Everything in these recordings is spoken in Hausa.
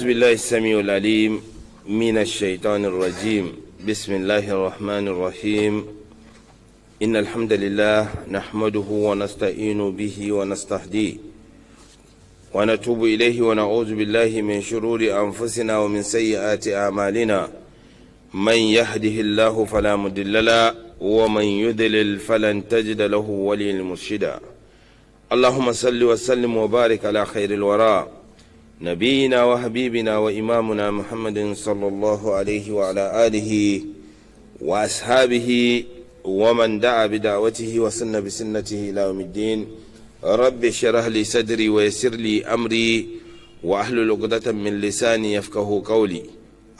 أعوذ بالله السميع العليم من الشيطان الرجيم بسم الله الرحمن الرحيم إن الحمد لله نحمده ونستعين به ونستهديه ونتوب إليه ونعوذ بالله من شرور أنفسنا ومن سيئات أعمالنا من يهده الله فلا مضل له ومن يضلل فلن تجد له ولي مرشدا اللهم صل وسلم وبارك على خير الوراء نبينا وحبيبنا وإمامنا محمد صلى الله عليه وعلى آله وأصحابه ومن دعا بدعوته وسن بسنته إلى يوم الدين رب اشرح لي صدري ويسر لي أمري وأحلل عقدة من لساني يفقه قولي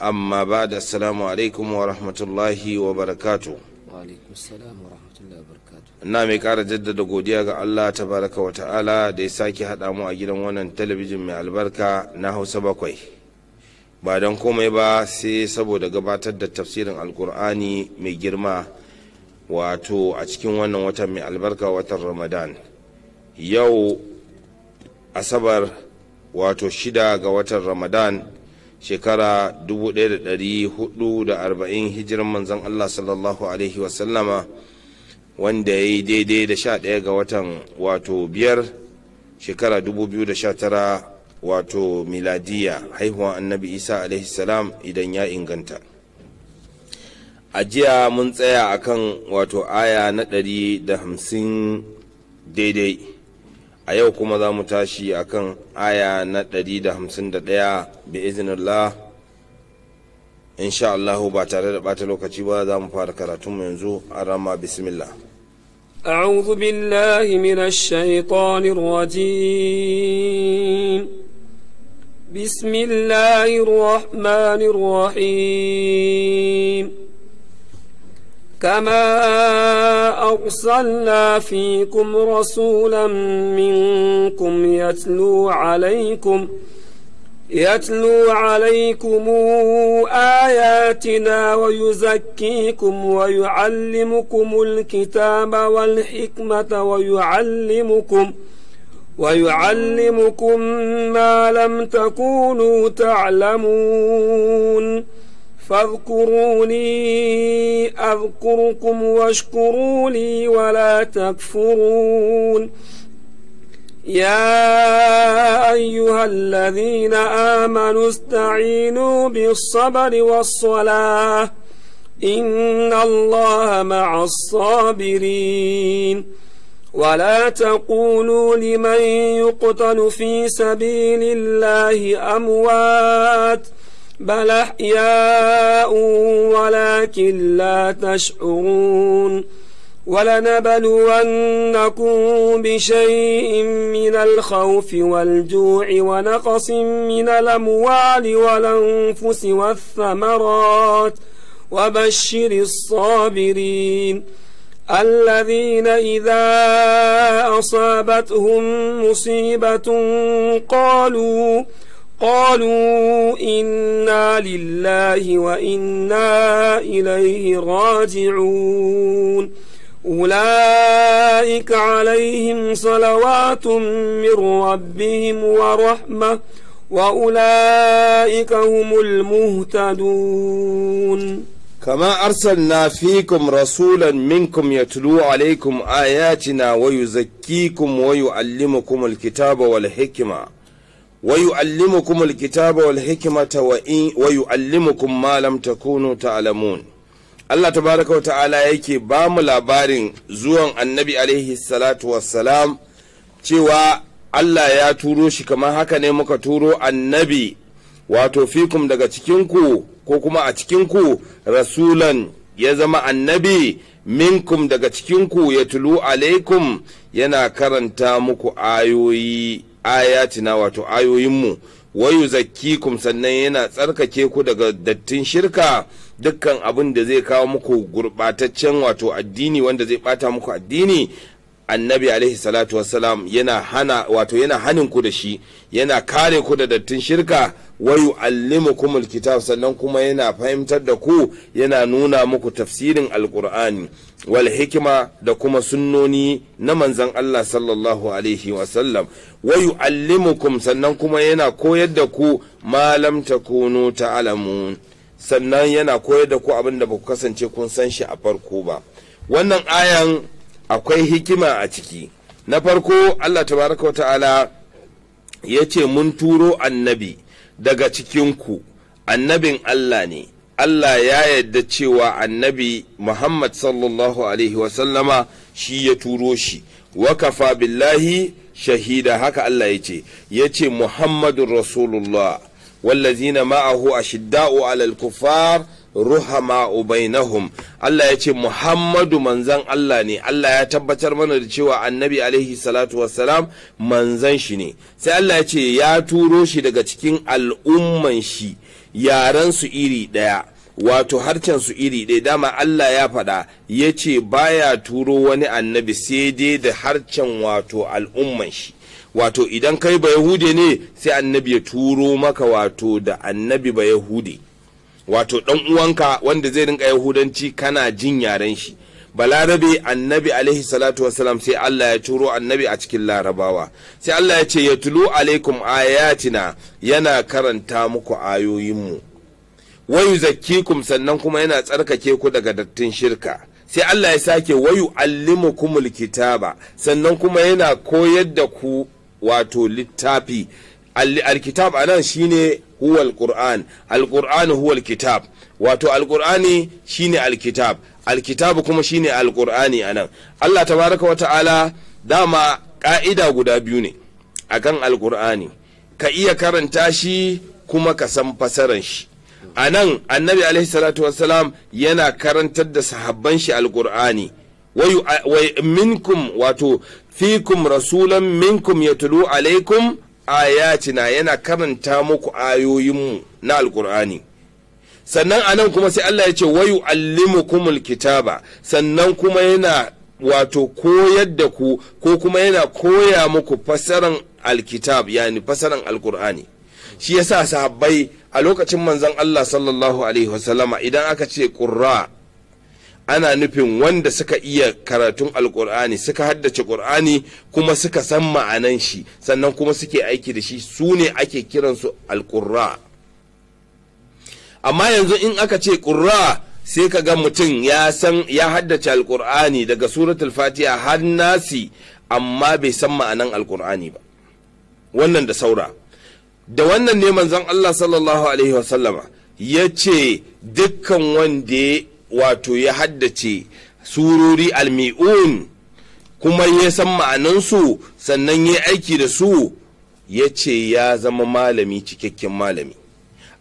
أما بعد السلام عليكم ورحمة الله وبركاته وعليكم السلام ورحمة الله وبركاته Na mai kara jaddada godiya ga Allah baraka wa ta'ala da ya sake haɗa mu a gidan wannan talabijin mai albarka na hausa bakwai ba don komai ba sai saboda gabatar da tafsirin alkur'ani mai girma wato a cikin wannan watan mai albarka watan ramadan yau asabar wato shida ga watan ramadan shekara 1440 hijiran manzon Allah sallallahu alaihi wasallama wanda ya yi daidai da sha ɗaya ga watan wato biyar shekara tara wato miladiya haihuwan annabi isa alaihi salam idan ya inganta a jiya mun tsaya akan wato aya na ɗari da hamsin daidai a yau kuma za mu tashi akan aya na ɗari da hamsin da ɗaya bi izinillah insha ba tare da bata lokaci ba za mu fara karatunmu yanzu a rama bismillah أعوذ بالله من الشيطان الرجيم بسم الله الرحمن الرحيم كما أرسلنا فيكم رسولا منكم يتلو عليكم يتلو عليكم آياتنا ويزكيكم ويعلمكم الكتاب والحكمة ويعلمكم ويعلمكم ما لم تكونوا تعلمون فاذكروني أذكركم واشكروا لي ولا تكفرون يا أيها الذين آمنوا استعينوا بالصبر والصلاة إن الله مع الصابرين ولا تقولوا لمن يقتل في سبيل الله أموات بل أحياء ولكن لا تشعرون ولنبلونكم بشيء من الخوف والجوع ونقص من الأموال والأنفس والثمرات وبشر الصابرين الذين إذا أصابتهم مصيبة قالوا قالوا إنا لله وإنا إليه راجعون أولئك عليهم صلوات من ربهم ورحمة وأولئك هم المهتدون كما أرسلنا فيكم رسولا منكم يتلو عليكم آياتنا ويزكيكم ويعلمكم الكتاب والحكمة ويعلمكم الكتاب والحكمة ويعلمكم ما لم تكونوا تعلمون Allah tabaraka wa ta'ala yake ba mu labarin zuwan annabi alaihi salatu wassalam cewa Allah ya turo shi kamar haka ne muka turo annabi wato fikum daga cikinku ko kuma a cikinku rasulan ya zama annabi minkum daga cikinku ya tulu alaikum yana karanta muku ayoyi ayatina wato ayoyinmu wayu zakkikum sannan yana tsarkake ku daga dattin shirka dukkan abin da zai kawo muku gurbataccen wato addini wanda zai bata muku addini annabi alaihi salatu wassalam yana hana wato yana hanin ku da shi yana kare ku da dattin shirka wayu allimukum kitab sannan kuma yana fahimtar da ku yana nuna muku tafsirin alqur'ani wal hikima da kuma sunnoni na manzon Allah sallallahu alaihi wasallam wayu allimukum sannan kuma yana koyar da ku ma lam takunu ta'lamun ta sannan yana koyar da ku abin da ba ku kasance kun san shi a farko ba wannan ayan akwai hikima a ciki na farko allah tabaraka wa ta'ala ya ce mun turo annabi daga cikinku annabin allah ne allah ya yadda cewa annabi muhammad sallallahu alaihi wasallama shi ya turo shi wakafa billahi shahida haka allah ya ce ya ce muhammadun rasulullah wallazina ma'ahu ashidda'u 'alal kuffar ruhama bainahum Allah ya ce Muhammadu manzan Allah ne Allah ya tabbatar mana da cewa annabi alaihi salatu wassalam manzan shi ne sai Allah ya ce ya turo shi daga cikin al'umman shi yaran su iri ɗaya wato harcen su iri ɗaya dama Allah ya faɗa ya ce baya turo wani annabi sai dai da harcen wato al'umman shi wato idan kai ba yahude ne sai annabi ya turo maka wato da annabi ba yahude wato dan uwanka wanda zai rinka yahudanci kana jin yaren shi balarabe annabi alaihi salatu wasalam sai Allah ya turo annabi a cikin larabawa sai Allah ya ce ya tulu alaikum ayatina yana karanta muku ayoyinmu wayu zakkikum sannan kuma yana tsarkake ku daga dattin shirka sai Allah ya sake wayu allimukumul kitaba sannan kuma yana koyar da ku wato littafi alkitab a nan shine huwal qur'an alqur'an huwal kitab wato alqur'ani shine alkitab alkitab kuma shine alqur'ani a nan allah tabaraka wa ta'ala dama ka'ida guda biyu ne akan alqur'ani ka iya karanta shi kuma ka san fasaran shi a nan annabi alaihi salatu wassalam yana karantar da sahabban shi alqur'ani wayu minkum wato fikum rasulan minkum ya tulu alaikum ayatina yana karanta muku ayoyinmu na alkur'ani sannan anan kuma sai Allah ya ce wayu allimukumul kitaba sannan kuma yana wato koyar da ku ko kuma yana koya muku fasaran alkitab yani fasaran alkur'ani shi yasa sahabbai a lokacin manzon Allah sallallahu alaihi wasallama idan aka ce qurra ana nufin wanda suka iya karatun alkur'ani suka haddace kur'ani kuma suka san ma'anan shi sannan kuma suke aiki da shi su ne ake kiransu alkurra amma yanzu in aka ce kurra sai ka ga mutum ya san ya haddace alkur'ani daga suratul fatiha har nasi amma bai san ma'anan alkur'ani ba wannan da saura da wannan ne manzon Allah sallallahu alaihi wa ya ce dukkan wanda wato ya haddace surori almi'un kuma ya san ma'anansu sannan ya aiki da su ya ce ya zama malami cikakken malami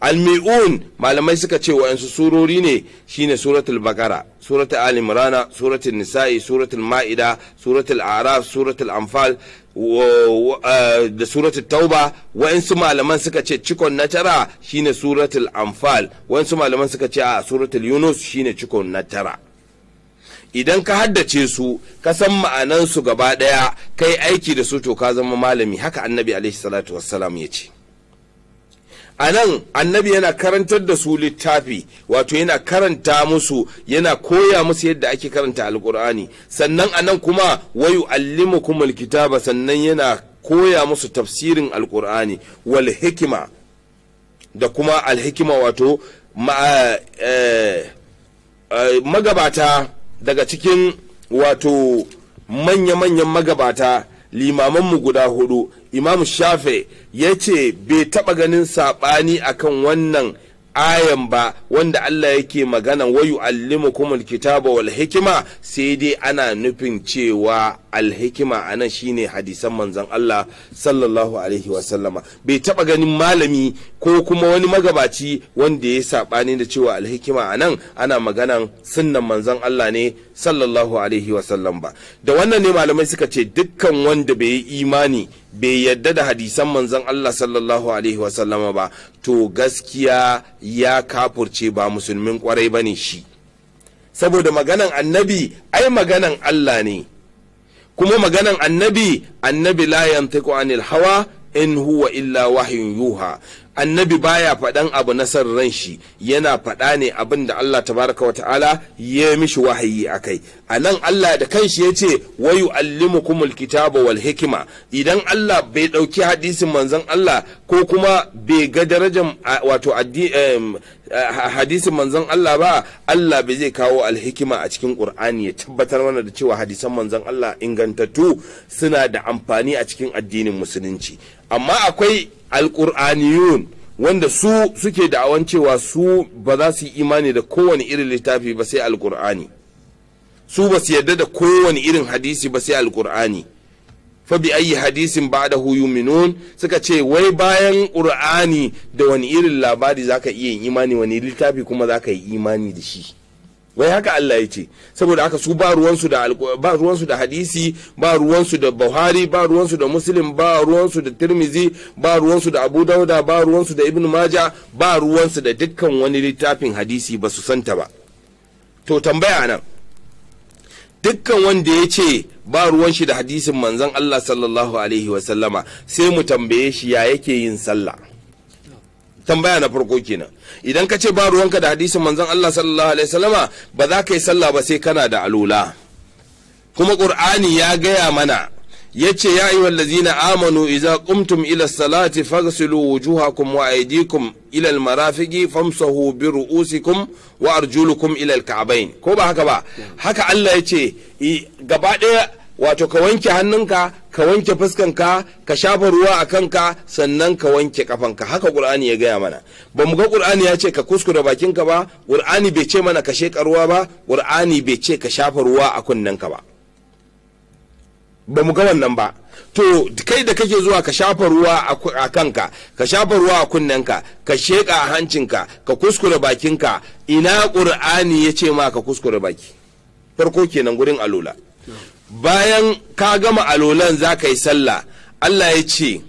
almi'un malamai suka ce 'yansu surori ne shine suratul bakara suratul alimrana suratul nisa'i suratul ma'ida suratul araf suratul anfal Eh, da suratul tauba wa'insu malaman suka ce cikon na tara shine suratul anfal wa'insu malaman suka ce a suratul yunus shine cikon na tara idan ka haddace su ka san ma'anansu gaba ɗaya kai aiki da su to ka zama malami haka annabi alaihi salatu wassalam ya ce a nan annabi yana karantar da su littafi wato yana karanta musu yana koya musu yadda ake karanta alkur'ani sannan a nan kuma wayu allimukum kitaba sannan yana koya musu tafsirin alkur'ani wal hikima da kuma alhikima wato eh, eh, magabata daga cikin wato manya-manyan magabata limamanmu guda hudu imamu shafe ya ce bai taɓa ganin saɓani akan wannan ayan ba wanda Allah yake magana wayu allimukum alkitaba wal hikima sai dai ana nufin cewa alhikima anan shine hadisan manzon Allah sallallahu alaihi wa sallama bai taba ganin malami ko kuma wani magabaci wanda ya sabani da cewa alhikima anan ana maganan sunnan manzon Allah ne sallallahu alaihi wa sallam ba da wannan ne malamai suka ce dukkan wanda bai yi imani bai yadda da hadisan manzon Allah sallallahu alaihi wasallama ba to gaskiya ya kafurce ba musulmin kwarai ba ne shi saboda maganan annabi ai maganan Allah ne kuma maganan annabi annabi la yantiqu anil hawa in huwa illa wahyun yuha annabi baya faɗan abu na san ran shi yana faɗa ne abin da Allah tabaraka wa ta'ala ya mishi wahayi a kai a nan Allah da kanshi ya ce wa yu'allimukumul kitaba wal hikima idan Allah bai ɗauki hadisin manzon Allah ko kuma bai ga darajar wato hadisin manzon Allah ba Allah bai zai kawo alhikima a cikin Qur'ani ya tabbatar mana da cewa hadisan manzon Allah ingantattu suna da amfani a cikin addinin musulunci amma akwai alkur'aniyun wanda su suke da'awan cewa su ba za su yi imani da kowane irin littafi ba sai alkur'ani su ba su yarda da kowane irin hadisi ba sai alkur'ani fa bi ayi hadisin ba da yuminun suka ce wai bayan qur'ani da wani irin labari zaka iya imani wani littafi kuma zaka yi imani da shi wai haka Allah ya ce saboda haka su ba ruwansu da ba ruwansu da hadisi ba ruwansu da Buhari ba ruwansu da Muslim ba ruwansu da Tirmizi ba ruwansu da Abu Dauda ba ruwansu da Ibn maja ba ruwansu da dukkan wani littafin hadisi ba su santa ba to tambaya nan dukkan wanda ya ce ba ruwan shi da hadisin manzon Allah sallallahu alaihi wa sallama sai mu tambaye shi ya yake yin sallah tambaya na farko kenan idan ka ce ba ruwanka da hadisin manzon Allah sallallahu alaihi wasallama ba za ka yi sallah ba sai kana da alula kuma qur'ani ya gaya mana yace ya ayyuhal ladzina amanu idza qumtum ila salati faghsilu wujuhakum wa aydikum ila almarafiqi famsahu bi ru'usikum wa arjulukum ila alka'bayn ko ba haka ba haka Allah yace gaba daya wato ka wanke hannunka ka wanke fuskanka ka shafa ruwa a kanka sannan ka wanke kafanka haka qur'ani ya gaya mana ba mu ga qur'ani ya ce ka kuskure bakinka ba qur'ani bai ce mana ka sheka ruwa ba qur'ani bai ce ka shafa ruwa a kunnenka ba ba mu ga wannan ba to kai da kake zuwa ka shafa ruwa a kanka ka shafa ruwa a kunnenka ka sheka a hancinka ka kuskure bakinka ina qur'ani ya ce ma ka kuskure baki farko kenan gurin alula bayan ka gama alolan za ka yi sallah Allah ya ce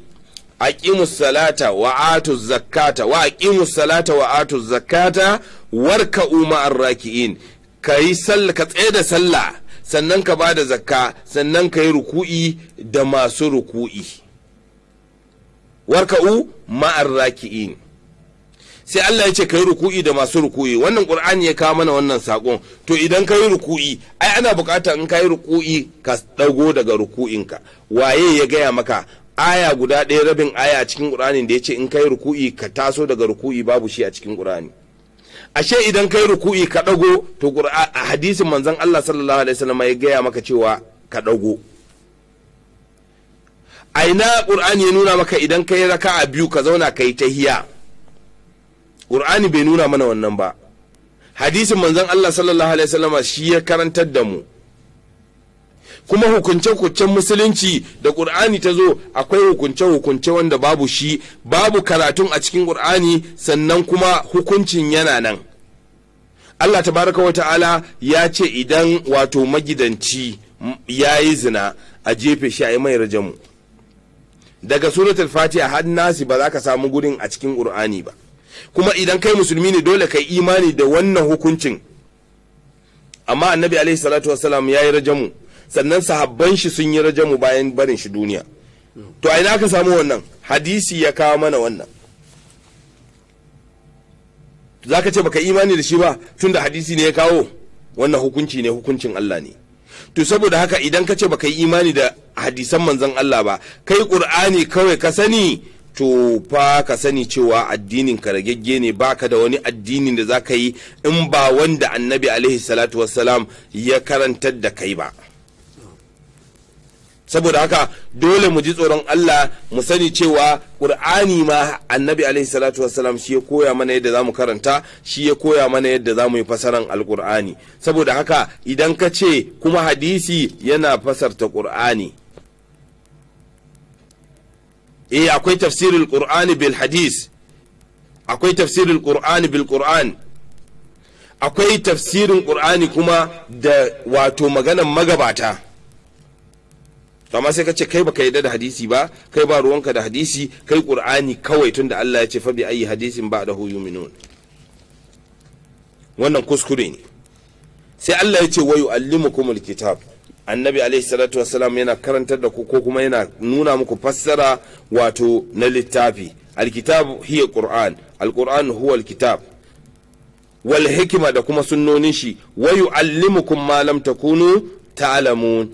a salata wa atu zakata wa aqimus salata wa atu zakata raki'in yi sallah ka tsaye da sallah sannan ka ba da zakka sannan ka yi ruku'i da masu ruku'i warka'u ma'ar raki'in sai Allah ya ce kai ruku'i da masu ruku'i wannan Qur'ani ya kawo mana wannan sakon to idan kai ruku'i ai ana bukatar in kai ruku'i ka dago daga ruku'inka waye ya gaya maka aya guda ɗaya rabin aya a cikin Qur'anin da ya ce in kai ruku'i ka taso daga ruku'i babu shi a cikin Qur'ani ashe idan kai ruku'i ka dago to Qur'an hadisin manzon Allah sallallahu alaihi wasallam ya gaya maka cewa ka dago aina ƙur'ani ya nuna maka idan kai raka'a biyu ka zauna kai tahiya qur'ani bai nuna mana wannan ba hadisin manzon Allah sallallahu alaihi wasallama shi ya karantar da mu kuma hukunce-hukuncen musulunci da ƙur'ani ta zo akwai hukunce-hukunce wanda babu shi babu karatun a cikin ƙur'ani sannan kuma hukuncin yana nan allah tabaraka wa ta'ala ya ce idan wato magidanci ya yi zina a jefe shi a yi mai rajamu daga suratul fatiha har nasi ba za ka samu gurin a cikin ƙur'ani ba kuma idan kai musulmi ne dole kai imani da wannan hukuncin amma annabi alaihi salatu wasalam ya yi rajamu sannan sahabban shi sun yi rajamu bayan barin shi duniya to a ina ka samu wannan hadisi ya kawo mana wannan za ka ce baka imani da shi ba tunda hadisi ne ya kawo wannan hukunci ne hukuncin Allah ne to saboda haka idan ka ce baka yi imani da hadisan manzon Allah ba kai qur'ani kawai ka sani to fa ka sani cewa addinin ka ragegge ne baka da wani addinin da zaka yi in ba wanda annabi alaihi salatu wassalam ya karantar da kai ba saboda haka dole mu ji tsoron Allah mu sani cewa Qur'ani ma Annabi alaihi salatu wassalam shi ya koya mana yadda zamu karanta shi ya koya mana yadda zamu yi fasaran Alqur'ani saboda haka idan ka ce kuma hadisi yana fasarta Qur'ani eh akwai tafsirul qur'ani bil hadis akwai tafsirul qur'ani bil qur'an akwai tafsirin qur'ani kuma da wato maganan magabata amma sai ka ce kai baka yarda da hadisi ba kai ba ruwanka da hadisi kai qur'ani kawai tunda Allah ya ce fa bi ayi hadisin ba da yuminun wannan kuskure ne sai Allah ya ce wayu kuma kitab annabi alaihi salatu wasalam yana karantar da ku ko kuma yana nuna muku fassara wato na littafi alkitab hiya qur'an alquran huwa alkitab wal hikima da kuma sunnonin shi wa yu'allimukum ma lam takunu ta'lamun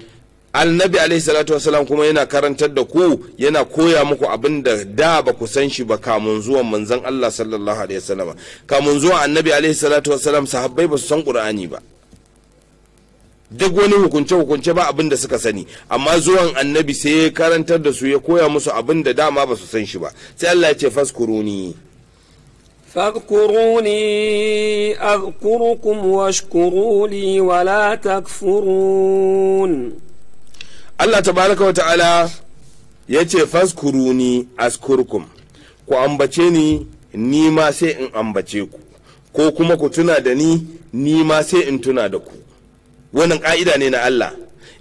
annabi alaihi salatu wasalam kuma yana karantar da ku yana koya muku abin da da ba ku san shi ba kamun zuwan manzon Allah sallallahu alaihi wasallam kamun zuwan annabi alaihi salatu wasalam sahabbai ba su san qur'ani ba duk wani hukunce-hukunce ba abin da suka sani amma zuwan annabi sai ya karantar da su ya koya musu abin da dama ba su san shi ba sai Allah ya ce faskuruni azkurukum washkuruli wala takfurun Allah تكفرون wa ta'ala ya ce faskuruni: azkurukum ku ambace ni ni ma sai in ambace ku ko kuma ku tuna da ni ni ma sai in tuna da ku wannan ƙa'ida ne na Allah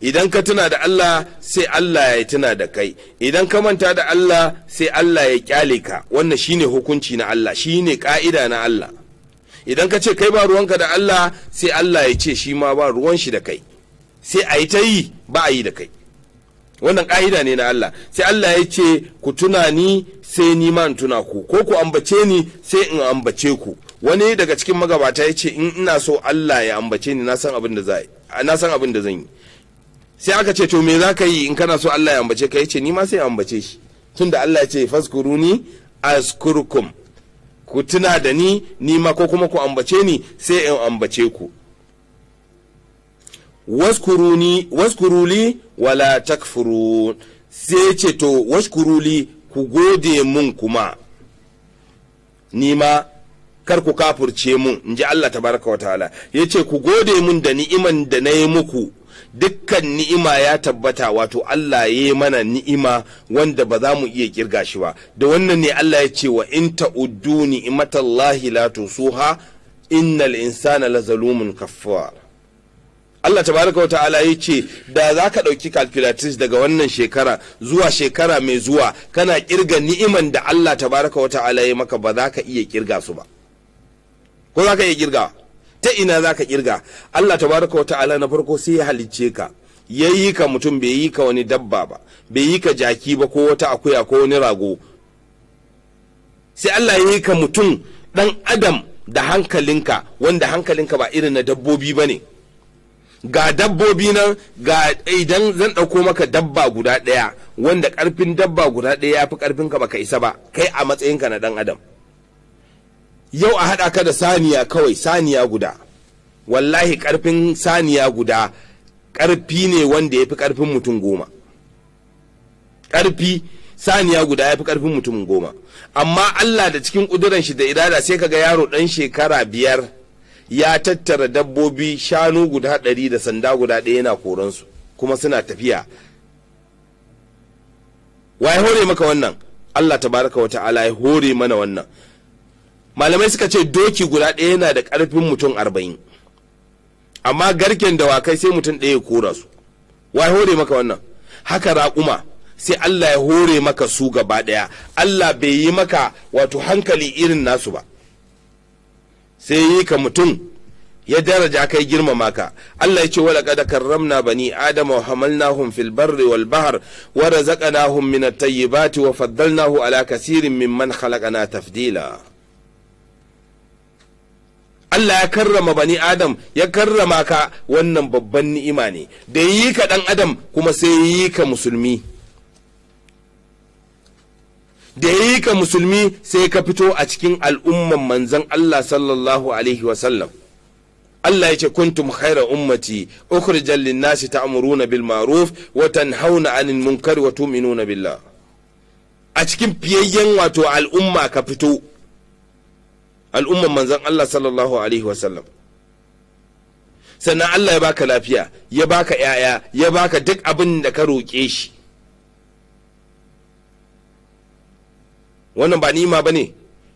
idan ka tuna da Allah sai Allah ya tuna da kai idan ka manta da Allah sai Allah ya kyale ka wannan shine hukunci na Allah shine ka'ida na Allah idan ka ce kai ba ruwanka da Allah sai Allah ya ce shi ma ba ruwan shi da kai sai a yi ta yi ba a yi da kai wannan ƙa'ida ne na Allah sai Allah ya ce ku tuna ni sai ni ma tuna ku ko ku ambace ni sai in ambace ku wani daga cikin magabata ya ce in ina so Allah ya ambace ni na san abin da zan yi sai aka ce to me za ka yi in kana so Allah ya ambace ka ya ce ni ma sai ambace shi Tun da Allah ya ce faskuruni askurkum ku tuna da ni ni ma ko kuma ku ambace ni sai in ambace ku waskuruli wala takfuru sai ce to waskuruli ku gode mun kuma ni ma kar ku kafurce mun in ji Allah tabaraka wa ta'ala ya ce ku gode mun da ni'iman da na yi muku dukkan ni'ima ya tabbata wato Allah ya yi mana ni'ima wanda ba za mu iya kirga shi ba da wannan ne Allah ya ce wa in ta'uddu ni'imatallahi la tusuha innal insana lazalumun zalumun Allah tabaraka wa ta'ala ya ce da za ka ɗauki calculatrix daga wannan shekara zuwa shekara mai zuwa kana kirga ni'iman da Allah tabaraka wa ta'ala ya maka ba za ka iya kirga su ba ko za ka iya kirga ta ina za ka kirga Allah tabaraka wa ta'ala na farko sai ya halicce ka ya yi ka mutum bai yi ka wani dabba ba bai yi ka jaki ba ko wata akuya ko wani rago sai Allah ya yi ka mutum dan adam da hankalinka wanda hankalinka ba irin na dabbobi ba ne ga dabbobi nan ga idan zan ɗauko maka dabba guda ɗaya wanda ƙarfin dabba guda ɗaya ya fi ƙarfin ka baka isa ba kai a matsayinka na ɗan adam yau a haɗa ka da saniya kawai saniya guda wallahi ƙarfin saniya guda ƙarfi ne wanda ya fi ƙarfin mutum goma ƙarfi saniya guda ya fi ƙarfin mutum goma amma allah da cikin ƙuduran shi da irada sai ka ga yaro ɗan shekara biyar ya tattara dabbobi shanu guda ɗari da sanda guda ɗaya yana koransu kuma suna tafiya waye hore maka wannan Allah tabaraka wa ta'ala ya hore mana wannan malamai suka ce doki guda ɗaya yana da ƙarfin mutum arba'in amma garken dawakai sai mutum ɗaya ya kora su waye hore maka wannan haka raƙuma sai Allah ya hore maka su gaba ɗaya Allah bai yi maka wato hankali irin nasu ba sai yi ka mutum ya daraja kai girmama ka Allah ya ce wala da karramna bani adama wa hamalnahum fil barri wal bahr wa razaqnahum min at-tayyibati wa faddalnahu ala kaseerin mimman khalaqna tafdila Allah ya karrama bani adam ya karrama ka wannan babban ni'ima ne da yi ka dan adam kuma sai yi ka musulmi da ya yi ka musulmi sai ka fito a cikin al'umman manzan Allah sallallahu alaihi wasallam Allah ya ce kuntum khaira ummati ukhrijal linnasi ta'muruna bil ma'ruf wa tanhauna 'anil munkari wa tu'minuna billah a cikin fiyayyen wato al'umma ka fito al'umman manzan Allah sallallahu alaihi wasallam sannan Allah ya baka lafiya ya baka yaya ya baka duk abin da ka roƙe shi wannan ba ni'ima bane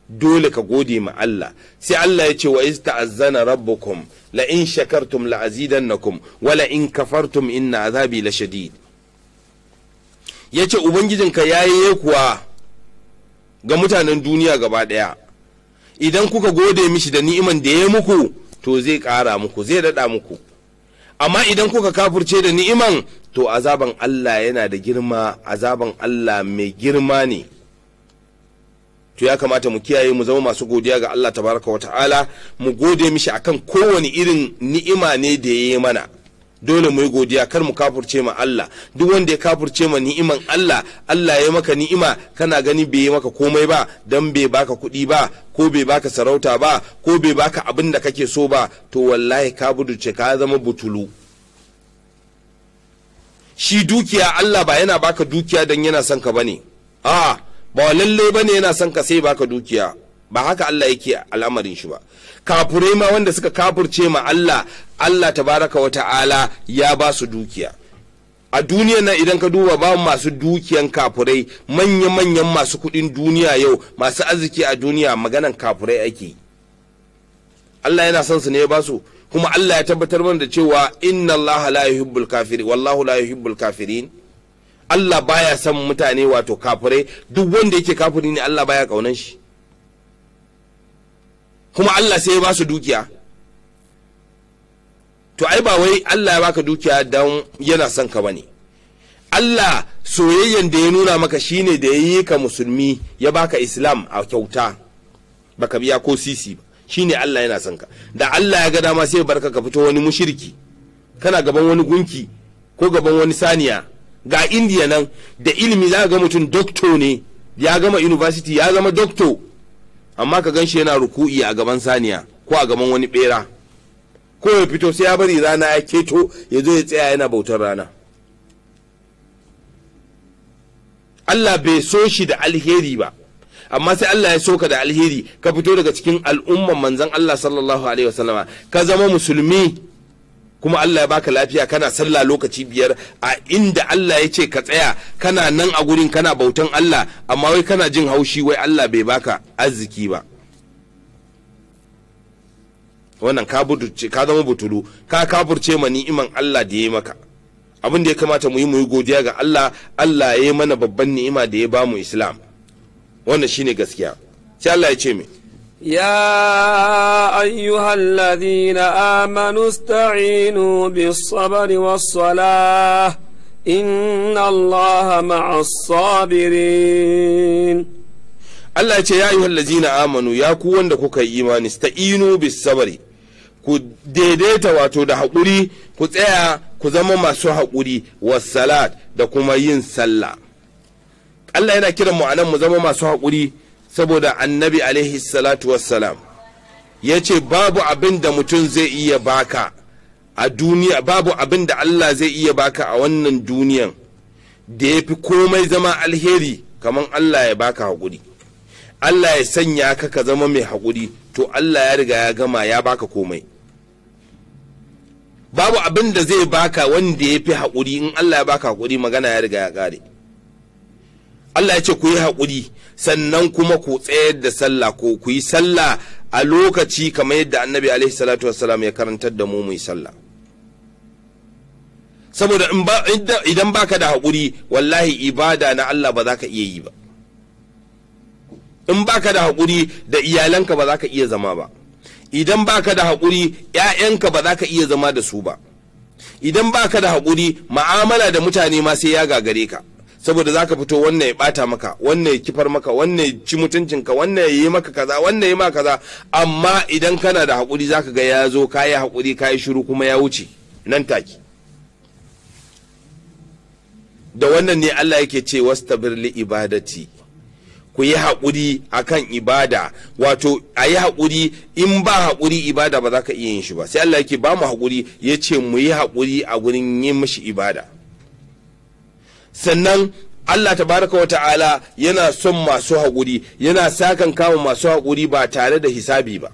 dole ka gode ma Allah sai Allah ya ce wa iz ta'azzana rabbukum la in shakartum la azidannakum wa la in kafartum inna azabi la shadid yace ubangijinka yayi kuwa ga mutanen duniya gaba daya idan kuka gode mishi da ni'iman da ya muku to zai ƙara muku zai daɗa muku amma idan kuka kafurce da ni'iman to azaban Allah yana da girma azaban Allah mai girma ne to ya kamata mu kiyaye mu zama masu godiya ga Allah tabaraka wata'ala mu gode mishi akan kowane irin ni'ima ne da ya yi mana dole mu yi godiya kar mu kafurce ma Allah duk wanda ya kafurce ma ni'iman Allah Allah ya maka ni'ima kana gani bai yi maka komai ba dan bai baka kuɗi ba ko bai baka sarauta ba ko bai baka abin da kake so ba to wallahi ka budurce ka zama butulu shi dukiya Allah ba yana baka dukiya dan yana son ka bane a'a ba lalle ba ne yana son ka sai baka dukiya ba haka Allah yake al'amarin shi ba kafurai ma wanda suka kafurce ma Allah Allah tabaraka wa ta'ala ya ba su dukiya a duniya na idan ka duba ba masu dukiyan kafurai manya-manyan masu kudin duniya yau masu arziki a duniya maganan kafurai ake Allah yana son su ne ya ba su kuma Allah ya tabbatar mana da cewa inna Allah la yuhibbul kafirin wallahu la yuhibbul kafirin Allah baya son mutane wato kafirai duk wanda yake kafiri ne Allah baya kaunan shi kuma Allah sai ya ba su dukiya to ai ba wai Allah ya baka dukiya don yana son ka bane Allah soyayyen da ya nuna maka shine da ya yi ka musulmi ya baka islam a kyauta baka biya ko sisi ba shine Allah yana son ka da Allah ya ga dama sai barka ka fito wani mushirki kana gaban wani gunki ko gaban wani saniya ga indiya nan da ilimi za ga mutum dokto ne ya gama university ya zama dokto amma ka gan shi yana ruku'i a gaban saniya ko a gaban wani bera ko ya fito sai ya bari rana ya keto ya zo ya tsaya yana bautar rana Allah bai so shi da alheri ba amma sai Allah ya so ka da alheri ka fito daga cikin al'umman manzon Allah sallallahu alaihi wasallama ka zama musulmi kuma Allah ya baka lafiya kana sallah lokaci biyar a inda Allah ya ce ka tsaya kana nan a gurin kana bautan Allah amma wai kana jin haushi wai Allah bai baka arziki ba wannan ka ka zama butulu ka kafurce ma ni'iman Allah da ya yi maka abin da ya kamata mu yi mu yi godiya ga Allah Allah ya yi mana babban ni'ima da ya bamu Islam wannan shine gaskiya sai Allah ya ce mai يا أيها الذين آمنوا استعينوا بالصبر والصلاة إن الله مع الصابرين Allah ce ya ayyuhal na amanu ya ku wanda kuka yi imani sta'inu bis sabari ku daidaita wato da haƙuri ku tsaya ku zama masu haƙuri wa salat da kuma yin sallah Allah yana kiran mu anan mu zama masu haƙuri saboda annabi alaihi salatu wassalam ya ce babu abin da mutum zai iya baka a duniya babu abin da Allah zai iya baka a wannan duniyan da ya fi komai zama alheri kamar Allah ya baka haƙuri Allah ya sanya ka ka zama mai haƙuri to Allah ya riga ya gama ya baka komai babu abin da zai baka wanda ya fi haƙuri in Allah ya baka haƙuri magana ya riga ya ƙare Allah ya ce ku yi haƙuri sannan kuma ku tsayar da sallah ko ku yi sallah a lokaci kamar yadda annabi alaihi salatu wassalam ya karantar da mu mu yi sallah saboda idan baka da haƙuri wallahi ibada na Allah ba za ka iya yi ba in baka da haƙuri da iyalanka ba za ka iya zama ba idan baka da haƙuri 'ya'yanka ba za ka iya zama da su ba idan baka da haƙuri ma'amala da mutane ma sai ya gagare ka saboda zaka fito wannan ya bata maka wannan ya kifar maka wannan ya ci mutuncinka wannan ya yi maka kaza wannan ya yi maka kaza amma idan kana da hakuri zaka ga ya zo ka yi hakuri ka yi shiru kuma ya wuce nan take da wannan ne Allah yake ce wastabir li ibadati ku yi haƙuri akan ibada wato a yi haƙuri in ba haƙuri ibada ba za ka iya yin shi ba sai Allah yake ba mu haƙuri ya ce mu yi haƙuri a gurin yin mishi ibada sannan Allah tabaraka wa ta'ala yana son masu haƙuri yana sakan kama masu haƙuri ba tare da hisabi ba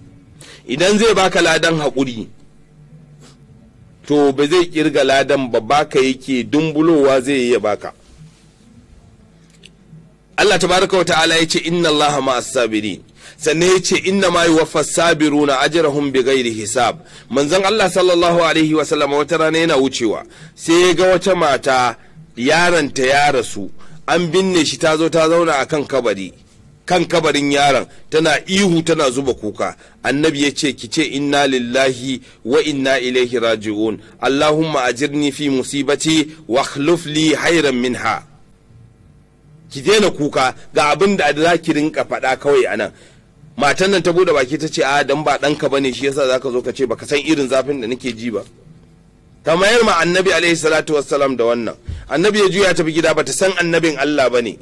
idan zai baka ladan haƙuri to ba zai kirga ladan ba baka yake dumbulowa zai iya baka Allah tabaraka wa ta'ala ya ce inna Allah ma'as sabirin sannan ya ce inna ma yuwaffa sabiruna ajrahum bighairi hisab manzon Allah sallallahu alaihi wa sallam wata rana yana wucewa sai ya ga wata mata yaranta ya rasu an binne shi ta zo ta zauna a kan kabari kan kabarin yaron tana ihu tana zuba kuka annabi ya ce ki ce inna lillahi wa inna ilaihi raji'un allahumma ajirni fi musibati wa khluf li minha ki daina kuka ga abin da za ki rinka faɗa kawai anan matan nan ta bude baki ta ce a dan ba ɗanka bane shi yasa zaka zo ka ce baka san irin zafin da nake ji ba ta mayar ma annabi alaihi salatu wassalam da wannan annabi ya juya tafi gida bata san annabin Allah bane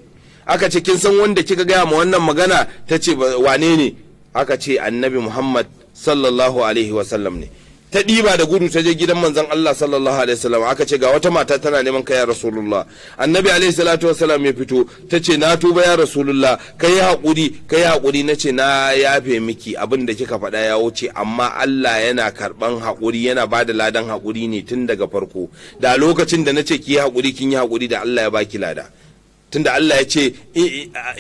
aka ce kin san wanda kika gaya ma wannan magana tace ce wane ne aka ce annabi Muhammad sallallahu alaihi wasallam ne ta ɗiba da gudu ta je gidan manzon Allah sallallahu alaihi wasallam aka ce ga wata mata tana neman ka ya rasulullah annabi alaihi salatu wasallam ya fito ta ce na tuba ya rasulullah ka hakuri kai hakuri nace na ce na yafe miki abin da kika faɗa ya wuce amma Allah yana karɓan hakuri yana bada ladan hakuri ne tun daga farko da lokacin da nace ce ki hakuri kin yi hakuri da Allah ya baki lada tunda Allah ya ce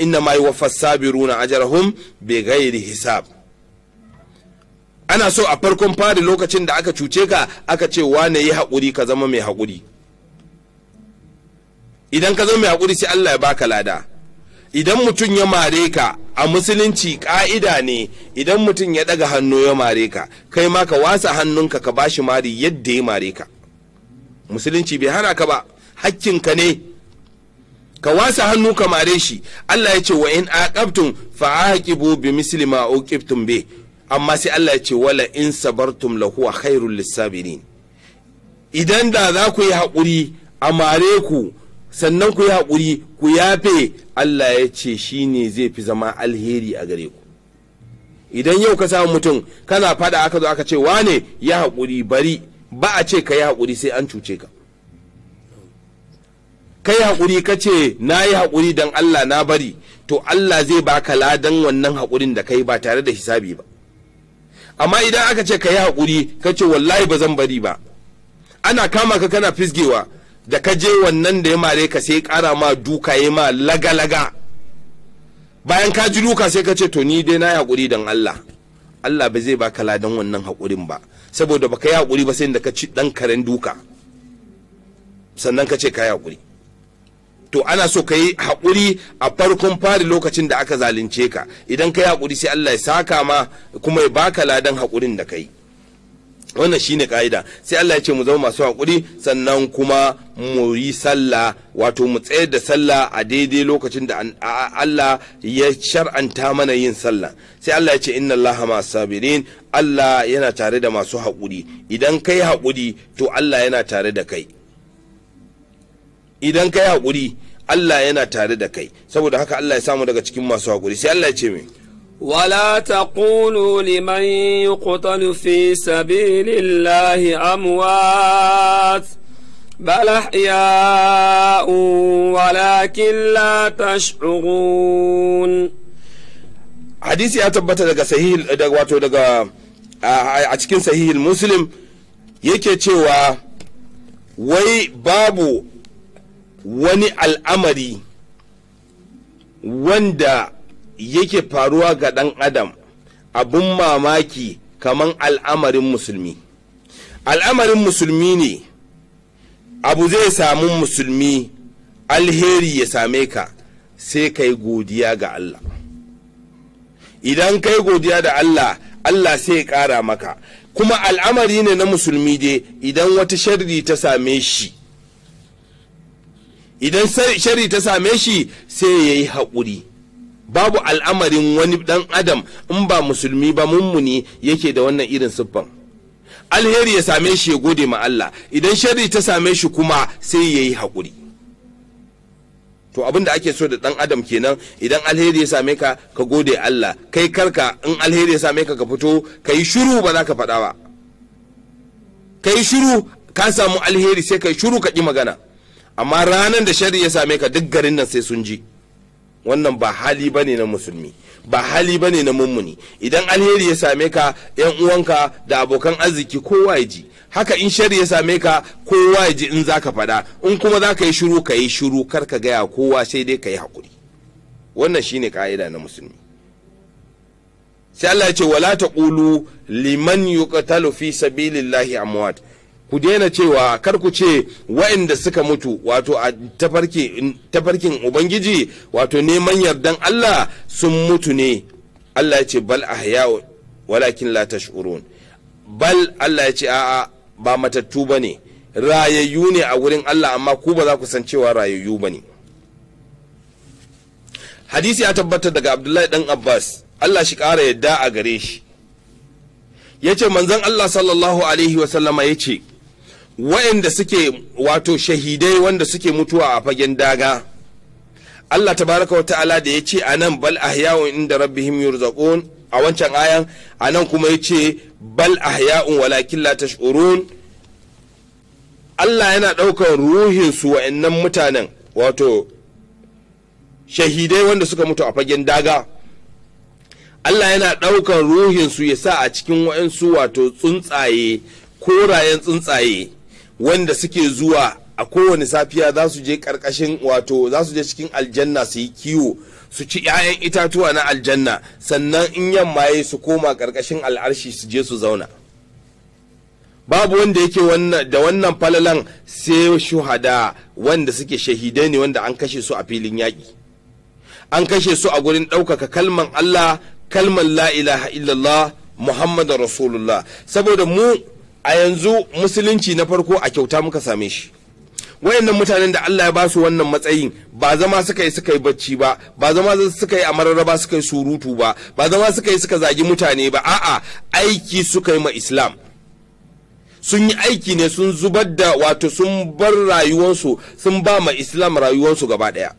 inna ma yuwaffas sabiruna ajrahum bighairi hisab ana so a farkon fari lokacin da aka cuce ka aka ce wane yi haƙuri ka zama mai haƙuri idan ka zama mai haƙuri sai Allah ya baka lada idan mutum ya mare ka a musulunci ƙa'ida ne idan mutum ya ɗaga hannu ya mare ka kai ma ka wasa hannunka ka bashi mari yadda ya mare ka musulunci bai hana ka ba hakkinka ne ka wasa hannu ka mare shi Allah ya ce wa in aqabtum fa aqibu bi misli ma uqibtum bi amma sai Allah ya ce wala in sabartum lahu khairul lisabirin idan da za ku yi haƙuri a mare ku sannan ku yi haƙuri ku yafe Allah ya ce shi ne zai fi zama alheri a gare ku idan yau ka samu mutum kana fada aka zo aka ce wane ya haƙuri bari ba a ce ka yi haƙuri sai an cuce ka ka yi haƙuri ka ce na yi haƙuri don Allah na bari to Allah zai baka ladan wannan haƙurin da kai ba tare da hisabi ba amma idan aka ce ka yi haƙuri ka ce wallahi ba zan bari ba ana kama ka kana fisgewa da ka je wannan da ya mare ka sai kara ma duka ya ma laga-laga bayan ka ji duka sai ka ce to ni dai na yi haƙuri don Allah Allah ba zai baka ladan wannan haƙurin ba saboda baka yi haƙuri ba sai da ka ci ɗan karen duka sannan ka ce ka yi haƙuri to ana so ka yi haƙuri a farkon fari lokacin da aka zalunce ka idan ka yi haƙuri sai Allah ya saka ma kuma ya baka ladan haƙurin da kai yi wannan shine ƙa'ida sai Allah ya ce mu zama masu haƙuri sannan kuma mu yi sallah wato mu tsayar da sallah a daidai lokacin da Allah ya shar'anta mana yin sallah sai Allah ya ce inna Allah ma sabirin Allah yana tare da masu haƙuri idan kai haƙuri to Allah yana tare da kai idan kai hakuri Allah yana tare da kai saboda haka Allah ya samu daga cikin masu hakuri sai Allah ya ce min. wala تقولوا لمن يقتل في سبيل الله أموات بل أحياء ولكن لا تشعرون حديث يا daga sahih daga wato daga a cikin sahihi muslim yake cewa wai babu wani al'amari wanda yake faruwa ga ɗan adam abun mamaki kamar al'amarin musulmi al'amarin musulmi ne abu zai samu musulmi alheri ya same ka sai ka godiya ga Allah idan ka godiya da Allah Allah sai ya ƙara maka kuma al'amari ne na musulmi dai idan wata sharri ta same shi idan shari ta same shi sai ya yi haƙuri babu al'amarin wani ɗan adam in ba musulmi ba mummuni yake da wannan irin siffan alheri ya same shi ya gode ma Allah idan shari ta same shi kuma sai ya yi haƙuri to abin da ake so da ɗan adam kenan idan alheri ya same ka ka gode Allah kai karka in alheri ya same ka ka fito ka yi shiru ba za ka faɗa ba ka yi shiru ka samu alheri sai ka yi shiru ka ƙi magana amma ranar da shari ya same ka duk garin nan sai sun ji wannan ba hali ne na musulmi ba hali bane na mummuni idan alheri ya same ka yan uwanka da abokan arziki kowa ya ji haka in shari ya same ka kowa ya ji in za ka faɗa in kuma za ka yi shuru ka yi shuru kar ka gaya kowa sai dai ka yi hakuri wannan shine ka'ida na musulmi sai Allah ya ce wala taqulu liman yuqtalu fi sabilillahi amwat ku daina cewa kar ku ce waɗanda suka mutu wato a tafarkin ubangiji wato neman yardan Allah sun mutu ne Allah ya ce bal haya walakin la tash'urun bal Allah ya ce a'a ba matattu ba ne rayayyu ne a wurin Allah amma ku ba za ku san cewa rayayyu ne. hadisi ya tabbatar daga Abdullahi dan Abbas Allah shi ƙara yadda a gare shi ya ce manzon Allah sallallahu alaihi wa sallama ce. Wa'inda suke wato shahidai wanda suke mutuwa a fagen daga Allah tabaraka ta'ala da ya ce a nan bal ahya'un inda rabbihim yurzaqun a wancan ayan a nan kuma ya ce bal ahya'un walakin la tash'urun Allah yana ɗaukar ruhinsu wa'annan mutanen wato shahidai wanda suka mutu a fagen daga Allah yana ɗaukar ruhinsu ya sa a cikin wa'ansu wato tsuntsaye korayen tsuntsaye wanda suke zuwa a kowane safiya za su je karkashin wato za su je cikin aljanna su yi kiwo su ci 'ya'yan itatuwa na aljanna sannan in yamma ya su koma karkashin al'arshi su je su zauna babu wanda yake da wannan falalan sai shuhada wanda suke shahidai ne wanda an kashe su a filin yaƙi an kashe su a gurin ɗaukaka kalman Allah kalman la ilaha illallah muhammadun Rasulullah saboda mu a yanzu musulunci na farko a kyauta muka same shi wayannan mutanen da Allah ya ba su wannan matsayin ba zama suka yi suka yi bacci ba ba zama suka yi a mararraba suka yi surutu ba ba zama suka yi suka zagi mutane ba a'a aiki suka yi ma islam sun yi aiki ne sun zubar da wato sun bar rayuwansu sun ba ma islam rayuwansu gaba daya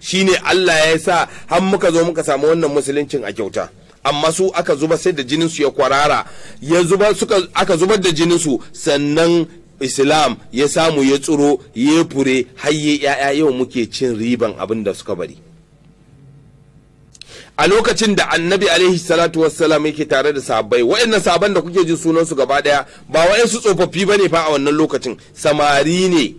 shine Allah ya sa har muka zo muka samu wannan musuluncin a kyauta amma su aka zuba sai da jinin su ya kwarara ya zuba suka aka zubar da jinin su sannan islam ya samu ya tsiro ya fure har ya'ya yau muke cin riban abin da suka bari a lokacin da annabi alaihi salatu wassalam yake tare da sahabbai wa'annan sahabban da kuke jin sunansu gaba daya ba waɗansu tsofaffi bane fa a wannan lokacin samari ne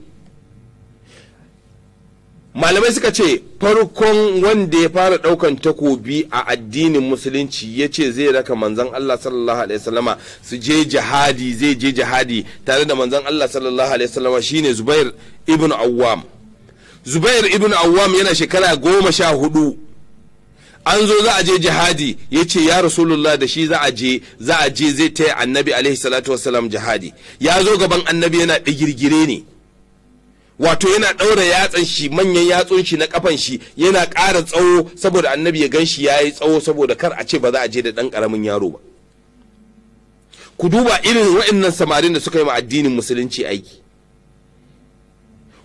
malamai suka ce farkon wanda ya fara daukan takobi a addinin musulunci ya ce zai raka manzan Allah sallallahu alaihi wasallama su je jihadi zai je jihadi tare da manzan Allah sallallahu alaihi wasallama shine Zubair ibn Awwam Zubair ibn Awwam yana shekara goma sha hudu an zo za a je jihadi ya ce ya rasulullah da shi za a je za a je zai taya annabi alaihi salatu wasallam jihadi ya zo gaban annabi yana ɗigirgire ne wato yana ɗaura yatsan shi manyan yatsun shi na kafan shi yana ƙara tsawo saboda annabi ya gan shi ya yi tsawo saboda kar a ce ba za a je da ɗan ƙaramin yaro ba ku duba irin waɗannan samarin da suka yi ma addinin musulunci aiki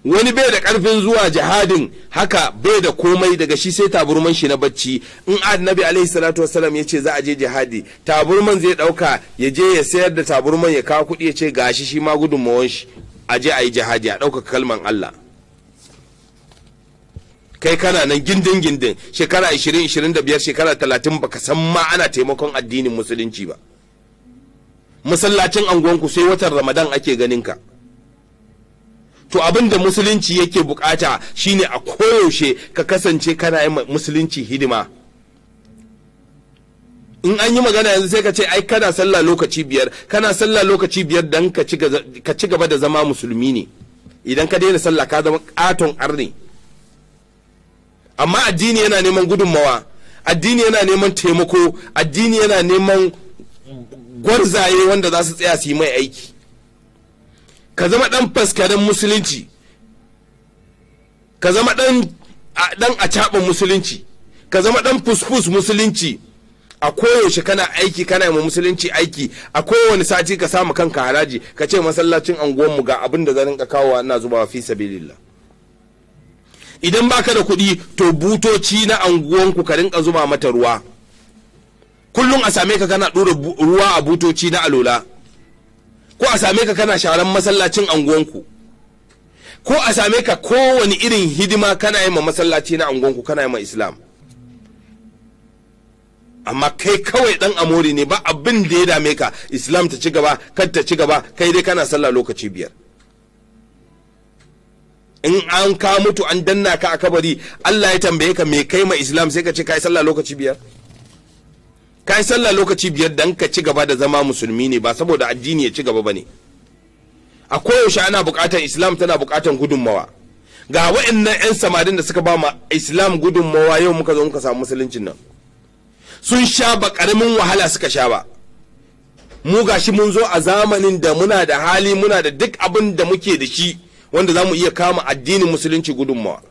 wani bai da ƙarfin zuwa jihadin haka bai da komai daga shi sai taburman shi na bacci in annabi alaihi salatu wasalam ya ce za a je jihadi taburman zai ɗauka ya je ya sayar da taburman ya kawo kuɗi ya ce gashi shi ma gudunmawan shi a je a yi jihadi a ɗaukaka kalman Allah kai kana nan gindin gindin shekara 20 25 shekara 30 baka san ma ana taimakon addinin musulunci ba masallacin anguwanku sai watan ramadan ake ganin ka to abin da musulunci yake bukata shine a koyaushe ka kasance kana yin musulunci hidima in an yi magana yanzu sai ka ce ai kana sallah lokaci biyar kana sallah lokaci biyar dan ka ci gaba da zama musulmi ne idan ka daina sallah ka zama katon arni amma addini yana neman gudunmawa addini yana neman taimako addini yana neman gwarzaye wanda za su tsaya su yi mai aiki ka zama dan faskaren musulunci ka zama dan a musulunci ka zama dan fuskus musulunci a koyaushe kana aiki kana yi musulunci aiki a kowane sati ka samu kanka haraji ka ce masallacin anguwanmu ga abin da zarin ka kawo ana zuba fi sabilillah idan baka da kuɗi to butoci na anguwanku ka rinka zuba mata ruwa kullum a same ka kana ɗora ruwa a butoci na alola ko a same ka kana sharan masallacin anguwanku ko a same ka kowane irin hidima kana yi ma masallaci na anguwanku kana yi ma islam amma kai kawai dan amori ne ba abin da ya dame ka islam ta ci gaba kar ta ci gaba kai dai kana sallah lokaci biyar in an ka mutu an danna ka a kabari Allah ya tambaye ka me kai ma islam sai ka ce kai sallah lokaci biyar kai sallah lokaci biyar dan ka ci gaba da zama musulmi ne ba saboda addini ya ci gaba bane a koyaushe ana bukatan islam tana bukatan gudunmawa ga waɗannan 'yan samarin da suka ba ma islam gudunmawa yau muka zo muka samu musuluncin nan sun sha ba karamin wahala suka sha ba mu gashi mun zo a zamanin da muna da hali muna da duk abin da muke da shi wanda za mu iya kama addinin musulunci gudunmawa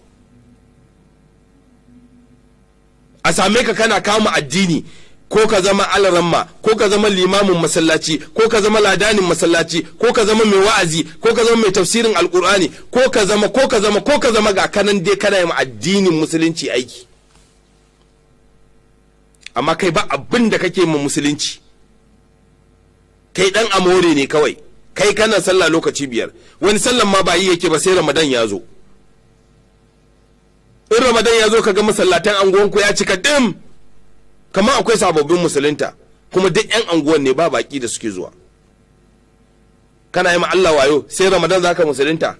a same ka kana kama addini ko ka zama alaramma ko ka zama limamin masallaci ko ka zama ladanin masallaci ko ka zama mai wa'azi ko ka zama mai tafsirin alkur'ani ko ka zama ko ka zama ko ka zama ga kanan dai kana yin addinin musulunci aiki amma kai ba abin da kake ma musulunci kai dan amore ne kawai kai kana sallah lokaci biyar wani sallan ma ba yi yake ba sai ramadan ya zo in ramadan ya zo ka ga masallatan anguwanku ya cika dim kamar akwai sababbin musulunta kuma duk yan anguwan ne ba baki da suke zuwa kana yi ma Allah wayo sai ramadan zaka musulunta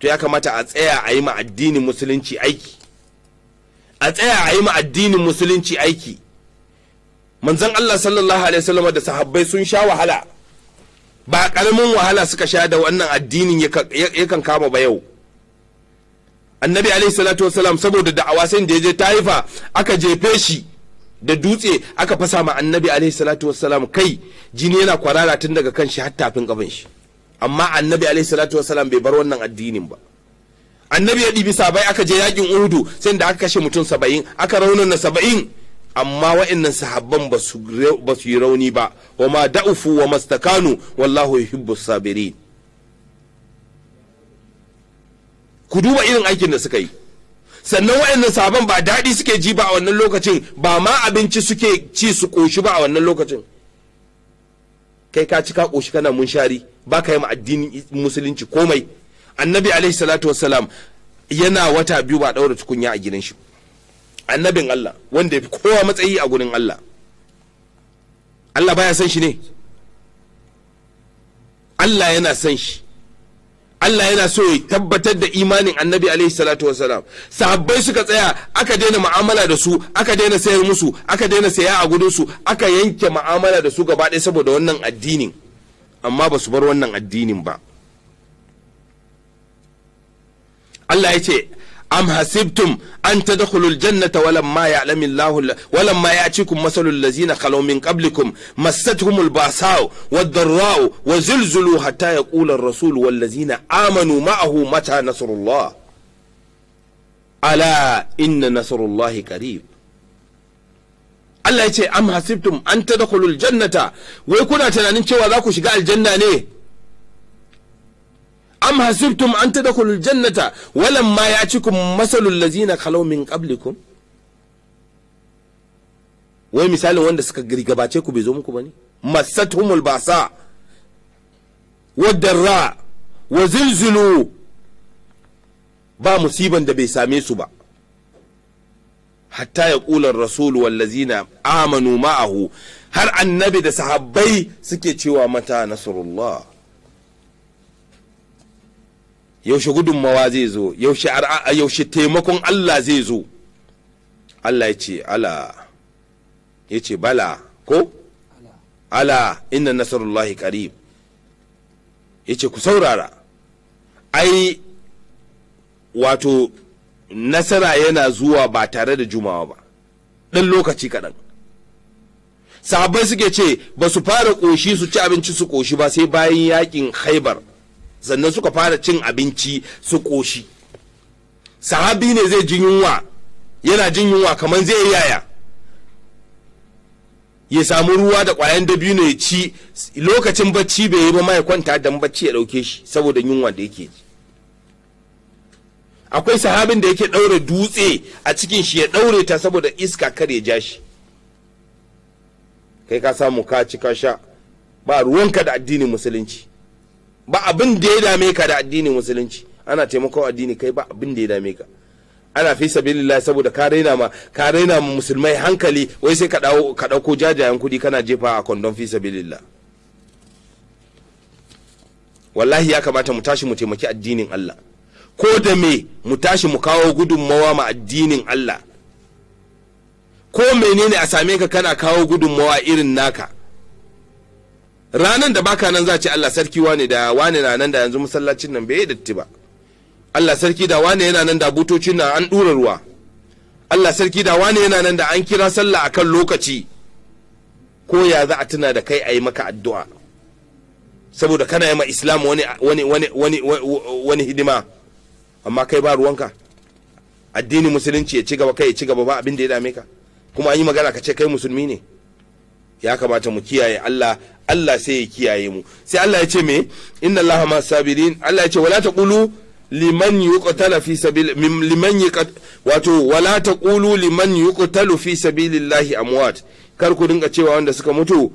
to ya kamata a tsaya a yi ma addinin musulunci aiki a tsaya a yi ma addinin musulunci aiki manzon Allah sallallahu alaihi wasallam da sahabbai sun sha wahala ba karamin wahala suka sha da wannan addinin yakan kama ba yau annabi alaihi salatu wasallam saboda da'awa sai da je haifa aka jefe shi da dutse aka fasa ma annabi alaihi salatu wasallam kai jini yana kwarara tun daga kan shi har tafin kafin shi amma annabi alaihi salatu wasallam bai bar wannan addinin ba annabi ya ɗibi sabai aka je yakin uhudu sai da aka kashe mutum saba'in aka na saba'in amma wa'annan sahabban ba su yi rauni ba wa ma da'ufu wa mastakanu wallahu yuhibbu sabirin ku duba irin aikin da suka yi sannan wa'annan sahabban ba daɗi suke ji ba a wannan lokacin ba ma abinci suke ci su ƙoshi ba a wannan lokacin kai ka ci ka ƙoshi kana munshari ba ka yi ma addinin musulunci komai annabi alaihi salatu wasalam yana wata biyu ba daura tukunya a gidan shi annabin Allah wanda yafi kowa matsayi a gurin Allah Allah baya san shi ne Allah yana san shi Allah yana so ya tabbatar da imanin annabi alaihi salatu wasalam sahabbai suka tsaya aka daina ma'amala da su aka daina sayar musu aka daina saya a gudun su aka yanke ma'amala da su gaba ɗaya saboda wannan addinin amma ba su bar wannan addinin ba Allah ya ce am hasibtum an tadkhulul jannata walamma ya'lamu Allah walamma ya'tikum masalul ladzina khalaw min qablikum massatuhumul ba'sa'u wad-dharra'u wa zilzilu hatta yaqula ar-rasul wal ladzina amanu ma'ahu mata nasrullah ala inna nasrullahi qarib Allah ya ce am hasibtum an tadkhulul jannata wai kuna tunanin cewa za ku shiga aljanna ne am hasibtum an tadkhulul jannata walam ma ya'tikum masalul ladzina khalaw min qablikum wai misalin wanda suka girgabace ku bai zo muku bane masatumul basa wadarra wa zilzilu ba musiban da bai same su ba hatta ya ƙular rasulu wallazina amanu ma'ahu har annabi da sahabbai suke cewa mata nasrullah yaushe gudunmawa zai zo yaushe yaushe taimakon Allah zai zo Allah ya ce ala ya ce bala ko ala inna nasarullahi ya ce ku saurara ai wato nasara yana zuwa ba tare da jumawa ba ɗan lokaci kaɗan sahabbai suke ce ba su fara ƙoshi su ci abinci su ƙoshi ba sai bayan yakin haibar sannan suka fara cin abinci su koshi sahabi ne zai jin yunwa yana jin yunwa kamar zai yi yaya ya samu ruwa da ƙwayan da ne ya ci lokacin bacci bai yi ba ma ya kwanta dan bacci ya ɗauke shi saboda yunwa da yake ji akwai sahabin da yake ɗaure dutse a cikin shi ya ɗaure ta saboda iska kar ya ja shi kai ka samu ka ci ka sha ba ruwanka da addinin musulunci ba abin da ya dame ka da addinin musulunci ana taimako addini kai ba abin da ya dame ka ana fi sabilillah saboda ka raina ma ka raina ma musulmai hankali wai sai ka dawo ka dauko jajayen kudi kana jefa a kondon fi sabilillah wallahi ya kamata mu tashi mu taimaki addinin Allah ko da me mu tashi mu kawo gudunmawa ma addinin Allah ko menene a same ka kana kawo gudunmawa irin naka ranan da baka nan za ce Allah sarki wane da wane na nan da yanzu masallacin nan bai datti ba Allah sarki da wane yana nan da butocin nan an dura ruwa Allah sarki da wane yana nan da an kira sallah akan lokaci ko ya za a tuna da kai a yi maka addu'a saboda kana yi ma islam wani wani wani wani wani hidima amma kai ba ruwanka addinin musulunci ya ci gaba kai ya ci gaba ba abin da ya dame ka kuma an yi magana ka ce kai musulmi ne ya kamata mu kiyaye Allah Allah sai ya kiyaye mu sai Allah ya ce me inna Allah ma sabirin Allah ya ce wala taqulu liman yuqtala fi sabil liman yuqat wato wala taqulu liman yuqtalu fi sabilillahi amwat kar ku dinga cewa wanda suka mutu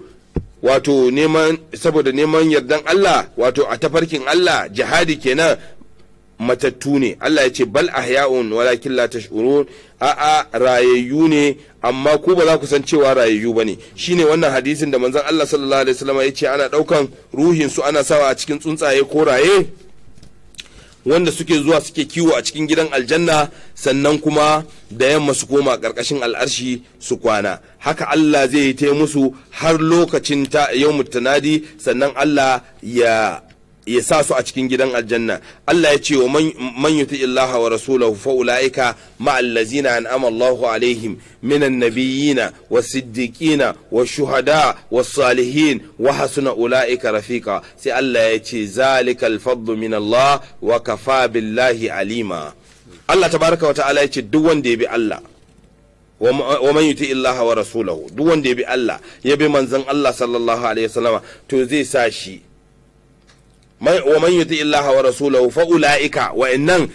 wato neman saboda neman yardan Allah wato a tafarkin Allah jihadi kenan matattu ne Allah ya ce bal ahya'un walakin la tash'urun a'a rayayyu ne amma ku ba za ku san cewa rayayyu Shi ne wannan hadisin da manzon Allah sallallahu alaihi wasallam ya ce ana daukan ruhinsu ana sawa a cikin tsuntsaye ko raye wanda suke zuwa suke kiwo a cikin gidan aljanna sannan kuma da yamma su koma karkashin al'arshi su kwana haka Allah zai yi musu har lokacin ta yau mutanadi sannan Allah ya ya sa su a cikin gidan aljanna Allah ya ce wa man yuti illaha wa rasulahu fa ulaika ma allazina an'ama Allahu alaihim minan nabiyina wa siddiqina wa shuhada wa salihin wa hasuna ulaika rafiqa sai Allah ya ce zalikal fadlu min Allah wa kafa billahi alima Allah tabaraka wa ta'ala ya ce duk wanda ya bi Allah wa man yuti illaha wa rasulahu duk wanda ya bi Allah ya bi manzon Allah sallallahu alaihi wasallama to zai sa shi wa man yuti illaha wa rasulahu fa ulaika wa innan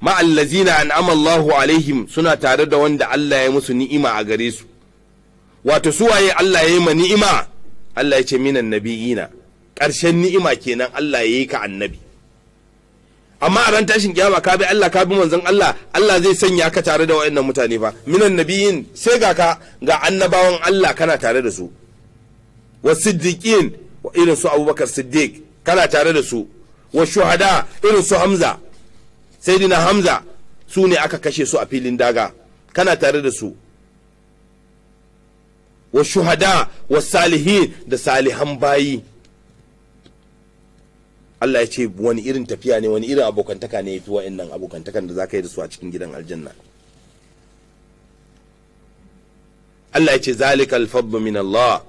ma allazina an'ama Allahu alaihim suna tare da wanda Allah ya musu ni'ima a gare su wato waye Allah ya yi ma ni'ima Allah ya ce minan nabiyina karshen ni'ima kenan Allah ya yi ka annabi amma a ran tashin kiyama ka bi Allah ka bi manzon Allah Allah zai sanya ka tare da waɗannan mutane fa minan nabiyin sai ga ka ga annabawan Allah kana tare da su wa siddiqin wa irin su Abubakar Siddiq kana tare da su wa shuhada irin su hamza sai dina hamza su ne aka kashe su a filin daga kana tare da su wa shuhada wa salihin da salihan bayi Allah ya ce wani irin tafiya ne wani irin abokantaka ne ya fi wa'annan abokantakan da za ka yi da su a cikin gidan aljanna Allah ya ce zalika alfadlu min Allah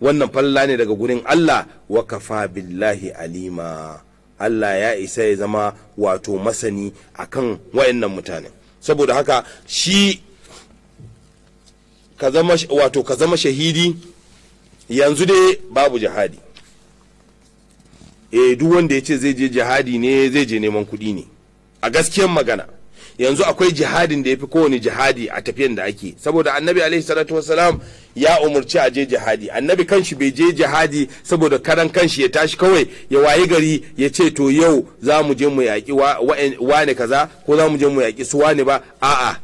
wannan falla ne daga gurin Allah wa kafa billahi alima Allah ya isa ya zama wato masani akan wayannan mutane saboda haka shi ka zama wato ka zama shahidi yanzu dai babu jihadi eh duk wanda ya ce zai je jihadi ne zai je neman kuɗi ne a gaskiyar magana yanzu akwai jihadin da ya fi kowane jihadi a tafiyan da ake saboda annabi alaihi salatu wasalam ya umarci a je jihadi annabi kanshi bai je jihadi saboda karan kanshi ya tashi kawai ya wayi gari ya ce to yau za mu je mu yaƙi wane kaza ko za mu je mu yaƙi su wane ba a'a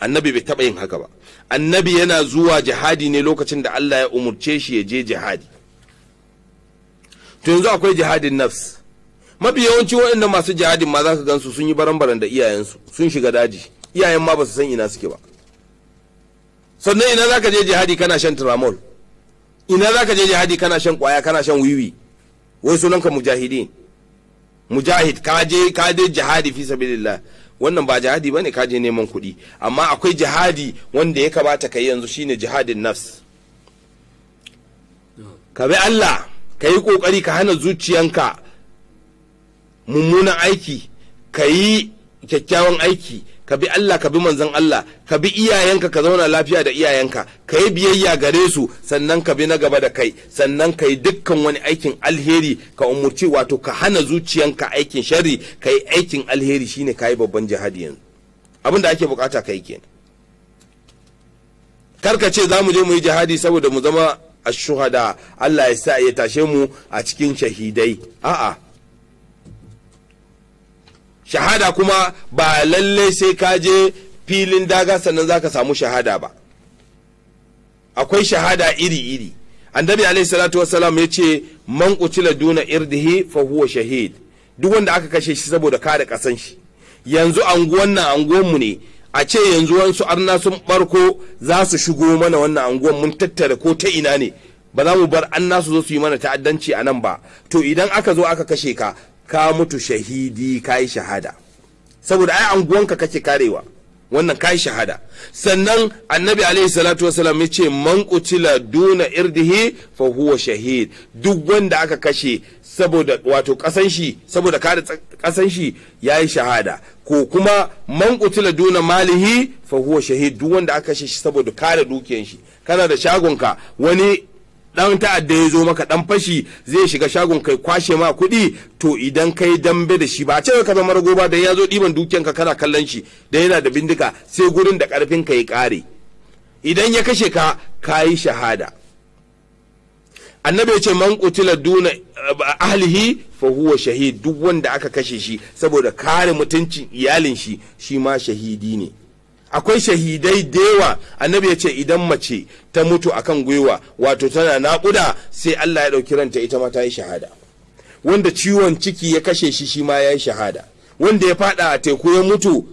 annabi bai taɓa yin haka ba annabi yana zuwa jihadi ne lokacin da Allah ya umarce shi ya je jihadi to yanzu akwai jihadin nafs mafi yawanci waɗannan masu jihadin ma za ka gansu sun yi baran-baran da iyayensu sun shiga daji iyayen ma ba su san ina suke ba sannan ina za ka je jihadi kana shan tramol ina za ka je jihadi kana shan kwaya kana shan wiwi wai sunanka mujahidin mujahid ka je ka je jihadi fi sabilillah wannan ba jihadi bane ka je neman kuɗi amma akwai jihadi wanda ya kamata ka yi yanzu shine jihadin nafs ka bi Allah ka yi kokari ka hana zuciyanka mummunan aiki ka yi kyakkyawan aiki ka bi Allah ka bi manzon Allah ka bi iyayenka ka zauna lafiya da iyayenka ka yi biyayya gare su sannan ka bi na gaba da kai sannan ka yi dukkan wani aikin alheri ka umurci wato ka hana zuciyanka aikin sharri ka yi aikin alheri shine ka yi babban jihadi yanzu abin da ake bukata ka yi kenan ka ce za mu je mu yi jihadi saboda mu zama ashuhada Allah ya sa ya tashe mu a cikin shahidai a'a shahada kuma ba lalle sai ka je filin daga sannan za ka samu shahada ba akwai shahada iri-iri annabi alaihi salatu wasalam ya ce man kucila duna irdihi fa huwa shahid duk wanda aka kashe shi saboda kare kasan shi yanzu anguwan nan anguwan mu ne a ce yanzu wasu arna sun barko za su shigo mana wannan anguwan mun tattara ko ta ina ne ba za mu bar an nasu zo su yi mana ta'addanci a nan ba to idan aka zo aka kashe ka ka mutu shahidi ka yi shahada saboda ai anguwanka kake karewa wannan ka yi shahada sannan annabi alaihi salatu wasalam ya ce man kutila duna irdihi fa huwa shahid duk wanda aka kashe saboda wato kasan shi saboda kare kasan shi yayi shahada ko kuma man kutila duna malihi fa huwa shahid duk wanda aka kashe shi saboda kare dukiyan shi kana da shagonka wani dan ta'adda ya zo maka dan fashi zai shiga shagon kai kwashe ma kuɗi to idan kai dambe da shi ba a ce ka zama rago ba da ya zo ɗiban dukiyanka kana kallon shi da yana da bindiga sai gurin da karfin ka ya ƙare idan ya kashe ka ka shahada annabi ya ce man qutila duna eh, ahlihi fa huwa shahid duk wanda aka kashe shi saboda kare mutuncin iyalin shi shi ma shahidi ne akwai shahidai da annabi ya ce idan mace ta mutu akan gwiwa wato tana naƙuda sai Allah ya ɗauki ranta ita ma ta yi shahada wanda ciwon ciki ya kashe shi shi ma ya yi shahada wanda ya faɗa a teku ya mutu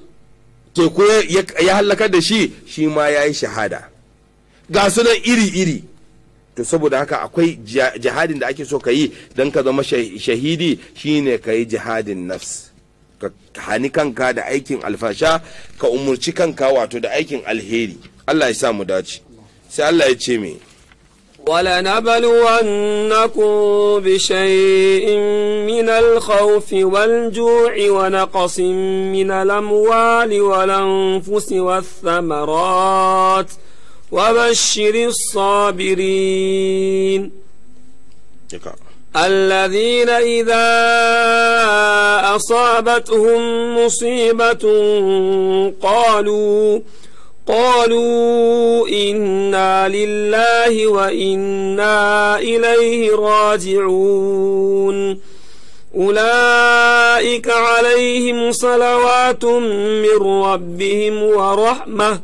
teku ya hallaka da shi shi ma ya yi shahada ga su nan iri-iri to saboda haka akwai jihadin da ake so ka yi don ka zama shahidi shine ka yi jihadin nafs ka hani kanka da aikin alfasha ka umurci kanka wato da aikin alheri Allah ya samu dace sai Allah ya ce me ولنبلونكم بشيء من الخوف والجوع ونقص من الأموال والأنفس والثمرات وبشر الصابرين الذين إذا أصابتهم مصيبة قالوا قالوا إنا لله وإنا إليه راجعون أولئك عليهم صلوات من ربهم ورحمة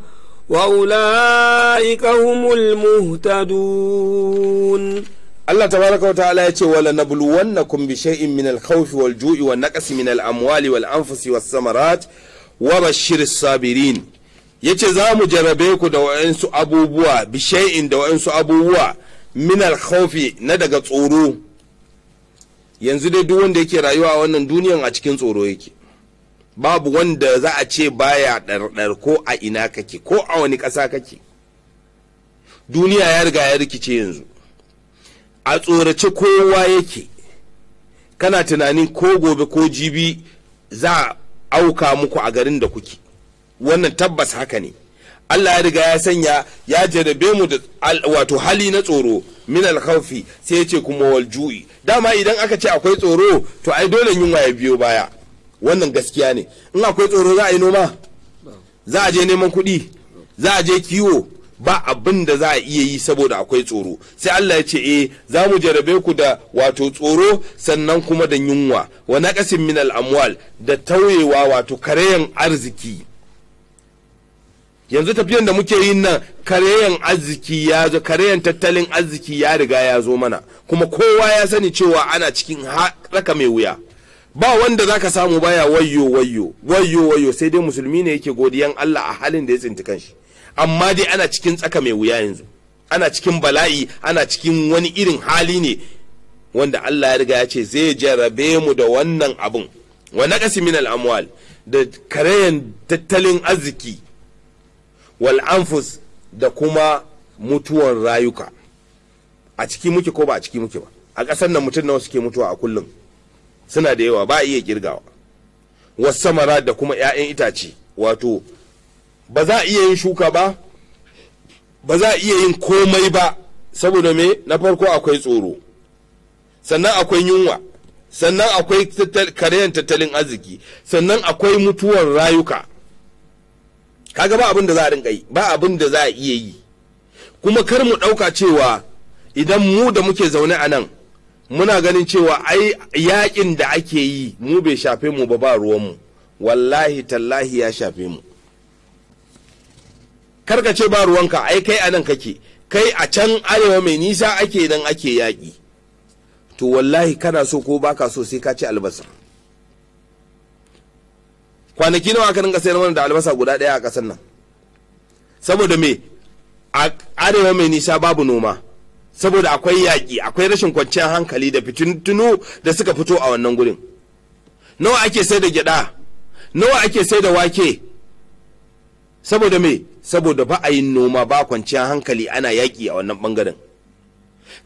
وأولئك هم المهتدون Allah tabaraka ta'ala ya ce wala nabluwannakum bi shay'in min al-khawf wal ju'i wa naqsi min al-amwali wal anfusi was samarat wa shirin sabirin yace za mu jarabe ku da wa'ansu abubuwa bi shay'in da wa'ansu abubuwa min al na daga tsoro yanzu dai duk wanda yake rayuwa a wannan duniyan a cikin tsoro yake babu wanda za a ce baya ɗarɗar ko a ina kake ko a wani ƙasa kake duniya ya riga ya rikice yanzu a tsorace kowa yake kana tunanin ko gobe ko jibi za a auka muku a garin da kuke wannan tabbas haka ne Allah ya riga ya sanya ya jarabe mu da wato hali na tsoro min alkhawfi sai ya ce kuma wal ju'i dama idan aka ce akwai tsoro to ai dole yunwa ya biyo baya wannan gaskiya ne in akwai tsoro za a yi noma za a je neman kuɗi za a je kiwo ba abin da za a iya yi saboda akwai tsoro sai Allah ya ce eh za mu jarabe ku da wato tsoro sannan kuma da yunwa wa naqasin min al-amwal da tauyewa wato kareyan arziki yanzu tafiyan da muke yin nan kareyan arziki ya zo kareyan tattalin arziki ya riga ya zo mana kuma kowa ya sani cewa ana cikin raka mai wuya ba wanda zaka samu baya wayyo wayyo wayyo wayyo sai dai musulmi ne yake godiyan Allah a halin da ya tsinci kanshi amma dai ana cikin tsaka mai wuya yanzu ana cikin bala'i ana cikin wani irin hali ne wanda Allah ya riga ya ce zai jarabe mu da wannan abun wa naqasi min al-amwal da karayan tattalin arziki wal anfus da kuma mutuwan rayuka a ciki muke ko ba a ciki muke ba a ƙasar nan mutum nawa suke mutuwa a kullum suna da yawa ba iya kirgawa wasu samara da kuma 'ya'yan itace wato ba za a iya yin shuka ba ba za a iya yin komai ba saboda me na farko akwai tsoro sannan akwai yunwa sannan akwai karayan tattalin arziki sannan akwai mutuwar rayuka kaga ba abin da za a rinka yi ba abin da za a iya yi kuma kar mu ɗauka cewa idan mu da muke zaune a nan muna ganin cewa ai yakin da ake yi mu bai shafe mu ba ba mu. wallahi tallahi ya shafe mu Kar ka ce ba ruwanka ai kai anan kake kai a can arewa mai nisa ake nan ake yaƙi to wallahi kana so ko baka so sai ka ci albasa kwanaki nawa ka dinga sayar mana da albasa guda ɗaya a ƙasar nan saboda me a arewa mai nisa babu noma saboda akwai yaƙi akwai rashin kwanciyar hankali da fitintunu da suka fito a wannan gurin nawa ake sai da gyaɗa nawa ake sai da wake saboda me saboda ba a yin noma ba kwanciyar hankali ana yaƙi a wannan bangaren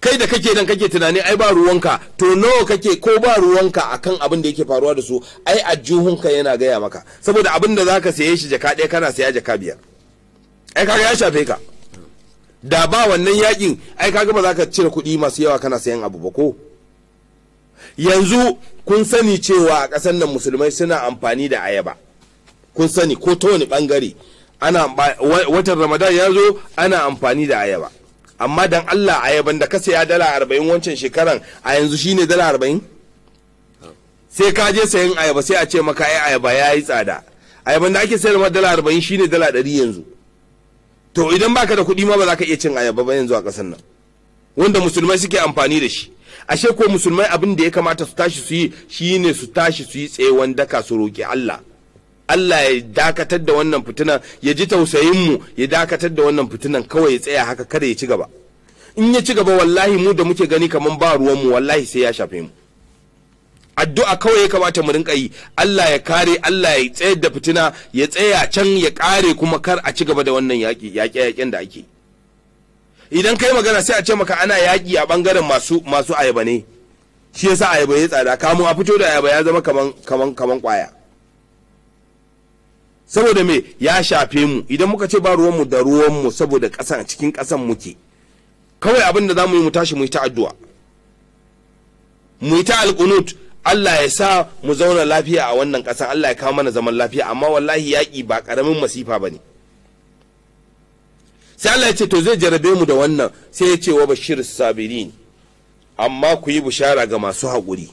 kai da kake nan kake tunani ai ba ruwanka to nawa kake ko ba ruwanka akan abin da yake faruwa da su ai juhunka yana gaya maka saboda abin da zaka saye shi jaka ɗaya kana saya jaka biyar ai kaga ya shafe ka da ba wannan yakin ai kaga ba zaka cire kuɗi masu yawa kana sayan abu ba ko yanzu kun sani cewa a ƙasar nan musulmai suna amfani da ayaba kun sani ko ta wani ɓangare. ana watan ramadan ya zo ana amfani da ayaba amma dan allah ayaban da ka saya dala arba'in wancan shekaran a yanzu shine dala arba'in sai ka je sayan ayaba sai a ce maka ai ayaba ya yi tsada ayaban da ake ma dala arba'in shine dala ɗari yanzu to idan baka da kuɗi ma ba za ka iya cin ayaba ba yanzu a ƙasar nan wanda musulmai suke amfani da shi ashe ko musulmai abin da ya kamata su tashi su yi shine su tashi su yi tsayewan daka su roƙi allah Allah ya dakatar da wannan fitinan ya ji tausayin mu ya dakatar da wannan fitinan kawai ya tsaya haka kada ya ci gaba in ya ci gaba wallahi mu da muke gani kaman ba ruwan mu wallahi sai ya shafe mu addu'a kawai ya kamata mu rinka yi Allah ya kare Allah ya tsayar da fitina ya tsaya can ya kare kuma kar a ci gaba da wannan yaƙi yaki yakin da ake idan kai magana sai a ce maka ana yaki a bangaren masu masu ayaba ne shi yasa ayaba ya tsada kamun a fito da ayaba ya zama kaman kaman kaman kwaya saboda me ya shafe mu idan muka ce ba ruwanmu da ruwanmu saboda ƙasan cikin ƙasan muke kawai abin da za mu yi mu tashi mu yi ta addu'a mu yi ta alkunut Allah ya sa mu zauna lafiya a wannan ƙasa Allah ya kawo mana zaman lafiya amma wallahi yaƙi ba ƙaramin masifa ba ne sai Allah ya ce to zai jarabe mu da wannan sai ya ce wa bashir sabirin amma ku yi bishara ga masu haƙuri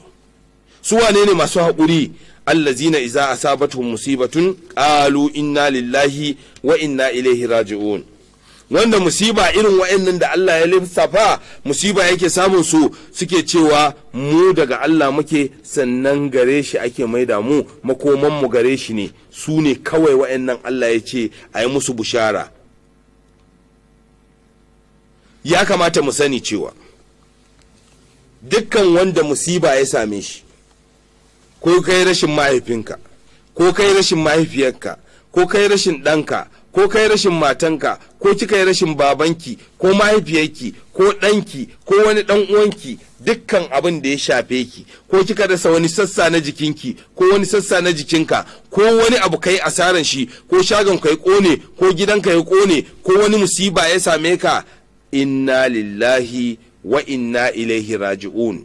su wane ne masu haƙuri allazina iza asabatu musibatun qalu inna lillahi wa inna ilaihi raji'un wanda musiba irin wa'annan da Allah ya lissafa musiba yake samun su suke cewa mu daga Allah muke sannan gare shi ake da mu makoman mu gare shi ne su ne kawai wa'annan Allah ya ce a musu bushara ya kamata mu sani cewa dukkan wanda musiba ya same shi ko kai rashin mahaifinka ko kai rashin mahaifiyarka ko kai rashin ɗanka ko kai rashin matanka ko kika yi rashin babanki ko mahaifiyarki ko ɗanki ko wani ɗan uwanki dukkan abin da ya shafe ki ko kika rasa wani sassa na jikinki ko wani sassa na jikinka ko wani abu kai asaran shi ko shagon ka kone ko gidanka ya kone ko wani musiba ya same ka inna lillahi wa inna ilaihi raji'un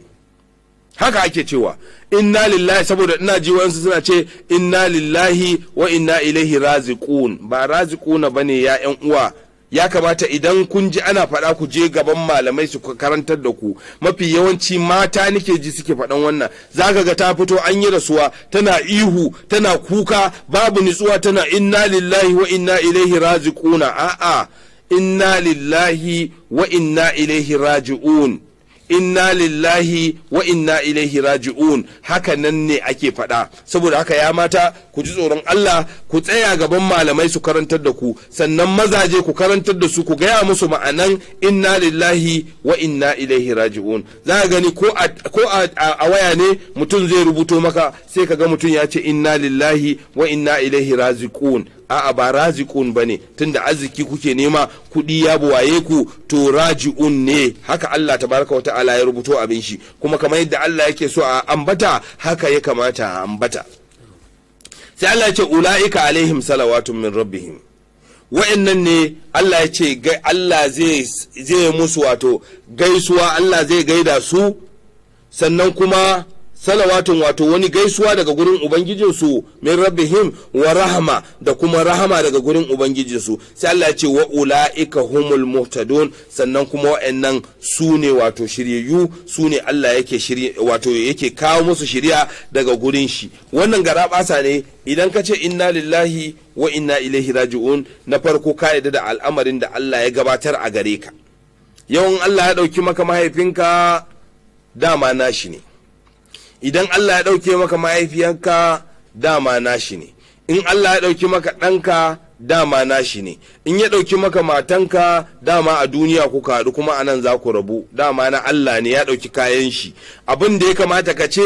haka ake cewa inna lillahi saboda ina ji suna ce inna lillahi wa inna ilaihi raziqun ba raziquna bane ya yan uwa ya kamata idan kun ji ana faɗa ku je gaban malamai su karantar da ku mafi yawanci mata nike ji suke faɗan wannan zaka ga ta fito an yi rasuwa tana ihu tana kuka babu nutsuwa tana inna lillahi wa inna ilaihi raziquna a'a inna lillahi wa inna ilaihi raji'un inna lillahi wa inna ilaihi raji'un haka nan ne ake faɗa saboda haka ya mata ku ji tsoron Allah ku tsaya gaban malamai su karantar da ku sannan mazaje ku karantar da su ku gaya musu ma'anan inna lillahi wa inna ilaihi raji'un za ka gani ko a waya ne mutum zai rubuto maka sai ka ga mutum ya ce inna lillahi wa inna ilaihi raji'un a'a ba raziqun bane tunda arziki kuke nema kuɗi ya buwaye ku to raji'un ne haka Allah tabaraka wata'ala ya rubuto abin shi kuma kamar yadda Allah yake so a ambata haka ya kamata a ambata sai Allah ya ce ula'ika alaihim salawatun min rabbihim wa'annan ne Allah ya ce Allah zai musu wato gaisuwa Allah zai gaida su sannan kuma salawatun wato wani gaisuwa daga gurin ubangijinsu min rabbihim wa rahama da kuma rahama daga gurin ubangijinsu sai Allah ya ce wa ulaika humul muhtadun sannan kuma wa'annan su ne wato shiryayyu su ne Allah yake wato yake kawo musu shirya daga gurin shi wannan garabasa ne idan ka ce inna lillahi wa inna ilaihi raji'un na farko ka'ida da al'amarin da Allah ya gabatar a gare ka yawan Allah ya ɗauki maka mahaifinka dama nashi ne idan Allah ya ɗauke maka mahaifiyarka dama nashi ne in Allah ya ɗauki maka ɗanka dama nashi ne in ya ɗauki maka matanka dama a duniya ku haɗu kuma a nan za ku rabu dama na Allah ne ya ɗauki kayan shi abin da ya kamata ka ce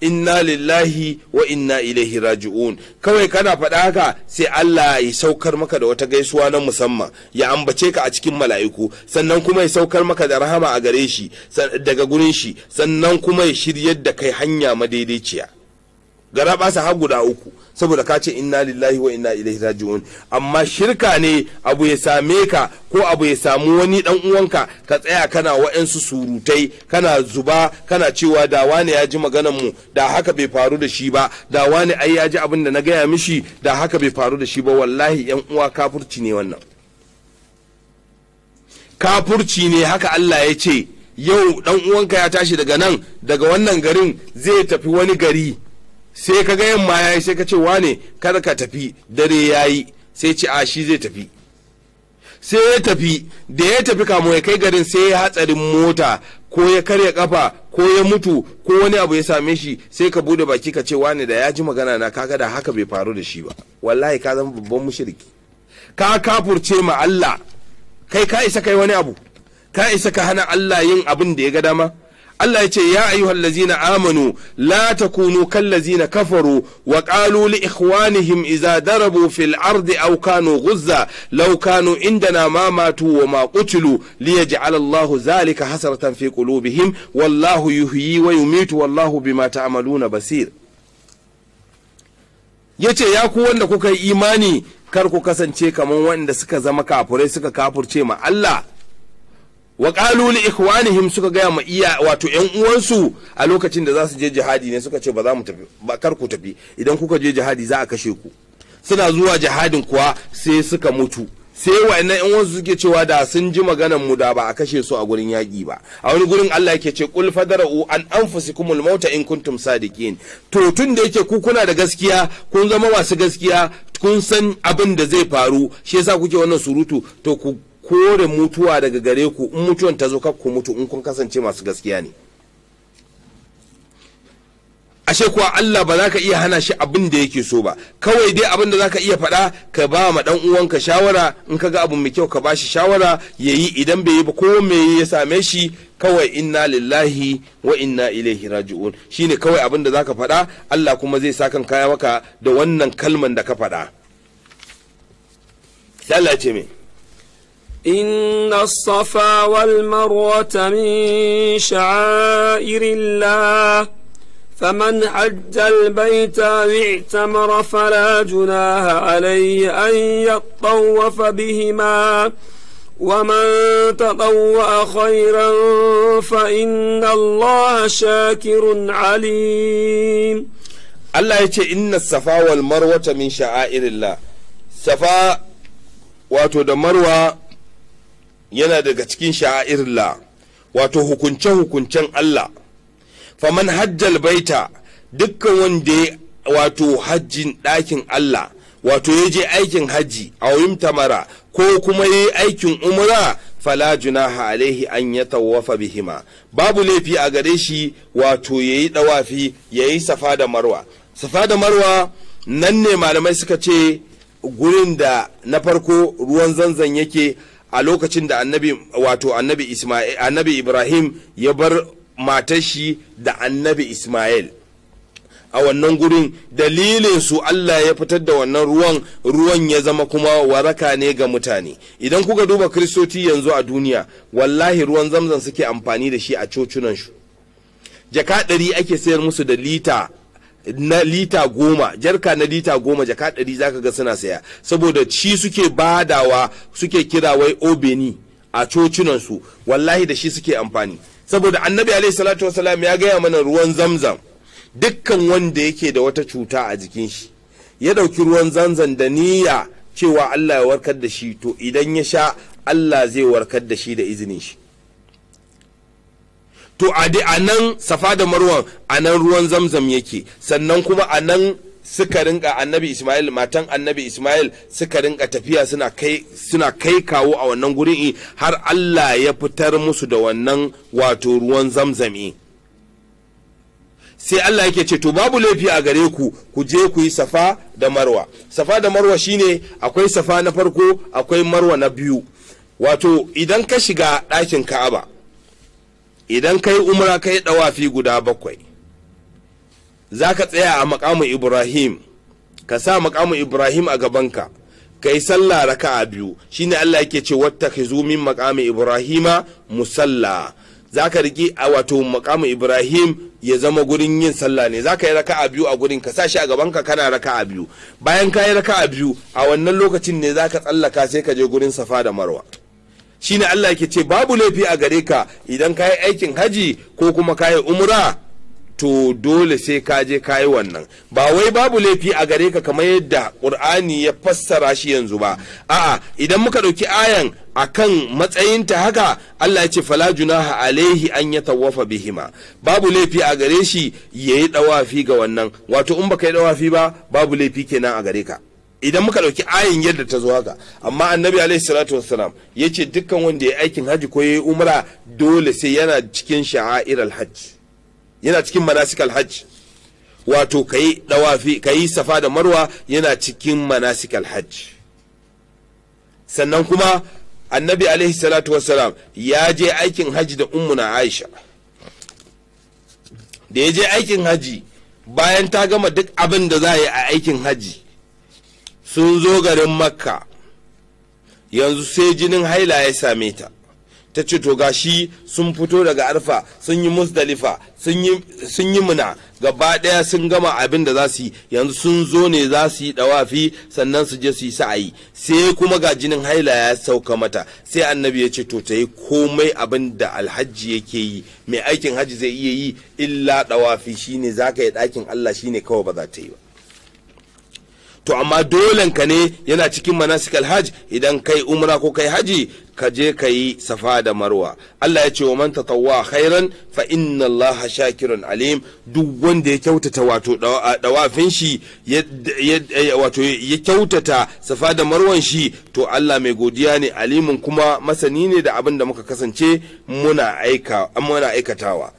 inna lillahi wa inna ilaihi raji'un kawai kana faɗa haka sai Allah ya saukar maka da wata gaisuwa na musamman ya ambace ka a cikin mala'iku sannan kuma ya saukar maka da rahama a gare shi daga gurin shi sannan kuma ya shiryar da kai hanya madaidaiciya gara ba sa hagu guda uku saboda ka ce inna lillahi wa inna ilaihi raji'un amma shirka ne abu ya same ka ko abu ya samu wani dan uwanka ka tsaya kana wa'ansu surutai kana zuba kana cewa da wani ya ji maganar mu da haka bai faru da shi ba da wani ai ya ji abin da na gaya mishi da haka bai faru da shi ba wallahi yan uwa kafurci ne wannan kafurci ne haka Allah ya ce yau dan uwanka ya tashi daga nan daga wannan garin zai tafi wani gari sai ka ga yamma ya yi sai ka ce wane kada ka tafi dare ya yi sai ce a shi zai tafi sai ya tafi da ya tafi kamo ya kai garin sai ya hatsarin mota ko ya karya kafa ko ya mutu ko wani abu ya same shi sai ka bude baki ka ce wane da ya ji magana na kaga da haka bai faru da shi ba wallahi ka zama babban mushriki ka kafurce ma Allah kai ka isa kai wani abu ka isa ka hana Allah yin abin da ya ga dama Allah ya ce ya ayyuhal lazina amanu la takunu kallazina lazina kafaru wa qalu li ikhwanihim idza darabu fil ardi aw kanu ghuzza law kanu indana ma matu wa ma qutilu liyaj'al Allah zalika hasratan fi qulubihim wallahu yuhyi wa yumitu wallahu bima ta'maluna basir yace ya ku wanda kuka yi imani kar ku kasance kamar wanda suka zama kafurai suka kafurce ma Allah wa kaluli ikhwanihim suka gaya ma iya wato yan uwansu a lokacin da za su je jihadi ne suka ce ba za mu tafi ba kar ku tafi idan kuka je jihadi za a kashe ku suna zuwa jihadin kuwa sai suka mutu sai wa'annan yan uwansu suke cewa da sun ji maganan mu da ba a kashe su a gurin yaki ba a wani gurin Allah yake ce qul fadara'u an anfusikumul mauta in kuntum sadiqin to tun da yake ku kuna da gaskiya kun zama masu gaskiya kun san abin da zai faru shi yasa kuke wannan surutu to ku kore mutuwa daga gare ku in mutuwan ta zo ku mutu in kun kasance masu gaskiya ne ashe kuwa Allah ba za ka iya hana shi abin da yake so ba kawai dai abin da za ka iya faɗa ka ba ma ɗan uwanka shawara in ka ga abu mai kyau ka ba shi shawara ya yi idan bai yi ba ko me ya same shi kawai inna lillahi wa inna ilaihi raji'un ne kawai abin da za ka faɗa Allah kuma zai sakan kaya maka da wannan kalman da ka faɗa. Allah ce إن الصفا والمروة من شعائر الله فمن حج البيت واعتمر فلا جناه عليه أن يطوف بهما ومن تطوأ خيرا فإن الله شاكر عليم الله ya إن الصفا والمروة من شعائر الله صفا واتو دمروة yana daga cikin sha'airla wato hukunce-hukuncen Allah faman hajjal baita dukkan wanda ya wato hajjin ɗakin Allah wato ya je aikin hajji a wuyin tamara ko kuma ya yi aikin umra fala junaha alaihi an ya tawafa bihima babu laifi a gare shi wato ya yi ɗawafi ya yi safa da marwa safa da marwa nan ne malamai suka ce gurin da na farko ruwan zanzan yake a lokacin da annabi wato annabi isma'il annabi ibrahim ya bar matar shi da annabi isma'il a wannan gurin dalilin su Allah ya fitar da wannan ruwan ruwan ya zama kuma waraka ne ga mutane idan kuka duba kristoci yanzu a duniya wallahi ruwan zamzan suke amfani da shi a cocunan su jaka ɗari ake sayar musu da lita na lita goma jarka na lita goma jaka ɗari zaka ga suna saya saboda shi suke badawa suke kira wai obeni a cocinansu wallahi da shi suke amfani saboda annabi alaihi salatu wasalam ya gaya mana ruwan zamzam dukkan wanda yake da wata cuta a jikin shi ya ɗauki ruwan zamzam da niyya cewa Allah ya warkar da shi to idan ya sha Allah zai warkar da shi da izinin shi to a nan safa da marwan a nan ruwan zamzam yake sannan kuma a nan suka rinka annabi ismail matan annabi ismail suka rinka tafiya suna kai kawo a wannan gurin har allah ya fitar musu da wannan wato ruwan zamzami sai allah yake ce to babu laifi a gare ku ku je ku yi safa da marwa safa da marwa shine akwai safa na farko akwai marwa na biyu wato idan ka shiga ɗakin ka'aba idan kai umra kai dawafi guda bakwai za ka tsaya a makamu ibrahim ka sa makamu ibrahim a gabanka ka yi sallah a biyu Shi ne allah yake ce wata ka zo min makamu ibrahima musalla za ka riƙi a wato makamu ibrahim ya zama gurin yin sallah ne za ka yi a biyu a gurin ka sa shi a gabanka kana a biyu bayan ka yi a biyu a wannan lokacin ne za ka tsallaka sai ka je gurin safa da marwa shine Allah yake ce babu laifi a gare ka idan ka yi aikin haji ko kuma ka yi umra to dole sai ka je ka yi wannan ba wai babu laifi a gare ka kamar yadda ƙur'ani ya fassara shi yanzu ba a'a idan muka ɗauki ayan a kan matsayinta haka Allah ya ce fala junaha alaihi an ya tawafa bihima babu laifi a gare shi yayi ɗawafi ga wannan wato in baka yi ɗawafi ba babu laifi kenan a gare ka idan muka ɗauki ayin yadda ta zo haka amma annabi alaihi salatu wassalam ya ce dukkan wanda ya aikin haji ko ya yi umra dole sai yana cikin sha'air alhajj yana cikin manasik alhajj wato kayi dawafi kayi safa da marwa yana cikin manasik alhajj sannan kuma annabi alaihi salatu wassalam ya je aikin haji da ummuna aisha da ya je aikin haji bayan ta gama duk abin da za a yi a aikin haji sun zo garin makka yanzu sai jinin haila ya same ta ta ce to gashi sun fito daga arfa sun yi musdalifa sun yi muna gaba ɗaya sun gama abin da za su yi yanzu sun zo ne za su yi ɗawafi sannan su je su yi sa'ayi sai kuma ga jinin haila ya sauka mata sai annabi ya ce to ta yi komai abin da alhaji yake yi mai aikin hajji zai iya yi illa dawafi shine za ka yi ɗakin allah shine kawai ba za ta yi ba to amma dolen ka ne yana cikin manasikal hajj idan kai umra ko kai haji ka je ka yi safa da marwa Allah ya ce wa man tatawwa khairan fa inna Allah shakirun alim duk wanda ya kyautata wato dawafin shi wato ya kyautata safa da marwan shi to Allah mai godiya ne alimin kuma masani ne da abin da muka kasance muna aika muna aikatawa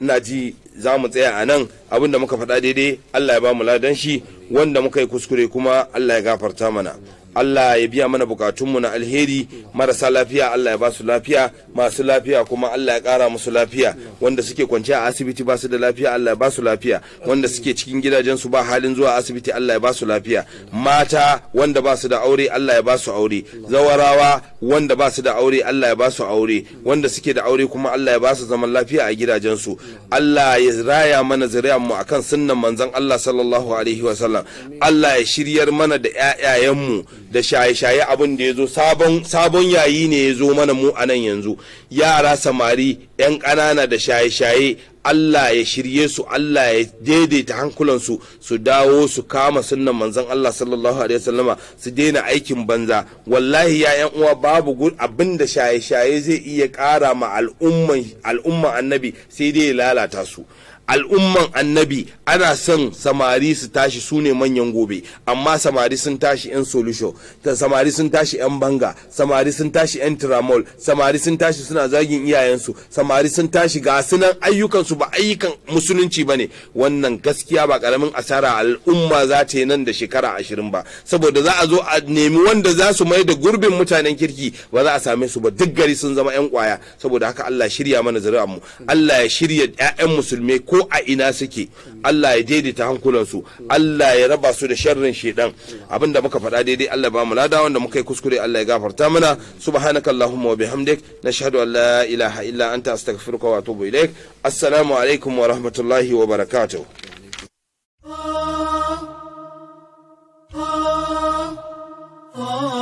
ina ji za mu tsaya a nan abin da muka faɗa daidai Allah ya ba mu ladan shi wanda muka yi kuskure kuma Allah ya gafarta mana Allah ya biya mana bukatunmu na alheri marasa lafiya Allah ya ba lafiya masu lafiya kuma Allah ya kara musu lafiya wanda suke kwance a asibiti ba su da lafiya Allah ya ba su lafiya wanda suke cikin gidajen su ba halin zuwa asibiti Allah ya ba su lafiya mata wanda ba su da aure Allah ya ba su aure zawarawa wanda ba su da aure Allah ya ba su aure wanda suke da aure kuma Allah ya ba su zaman lafiya a gidajen su Allah ya raya mana zuriyar mu akan sunnan manzon Allah sallallahu alaihi wasallam Allah ya shiryar mana da ƴaƴayen mu da shaye-shaye abin da ya zo sabon yayi ne ya zo mana mu a nan yanzu yara samari 'yan ƙanana da shaye-shaye Allah ya shirye su Allah ya daidaita hankulansu su dawo su kama sunnan manzon Allah sallallahu alaihi wasallama su daina aikin banza wallahi ya yan uwa babu abin da shaye-shaye zai iya ƙara ma al'umma annabi sai dai ya lalata su al'umman annabi ana son samari su tashi su ne manyan gobe amma samari sun tashi 'yan solution samari sun tashi 'yan banga samari sun tashi 'yan tiramol samari sun tashi suna zagin iyayensu samari sun tashi ga sunan ayyukansu ba ayyukan musulunci ba ne wannan gaskiya ba karamin asara al'umma za ta yi nan da shekara ashirin ba saboda za a zo a nemi wanda za su mai da gurbin mutanen kirki ba za a same su ba duk gari sun zama 'yan kwaya saboda haka allah shirya mana mu allah ya shirya 'ya'yan musulmai ko ko a ina suke Allah ya daidaita hankulansu Allah ya raba su da sharrin shedan abinda muka faɗa daidai Allah ba mu lada wanda muka yi kuskure Allah ya gafarta mana subhanakallahumma wa bihamdik nashhadu an la ilaha illa anta astaghfiruka wa atubu ilaik assalamu alaikum wa rahmatullahi wa barakatuh Oh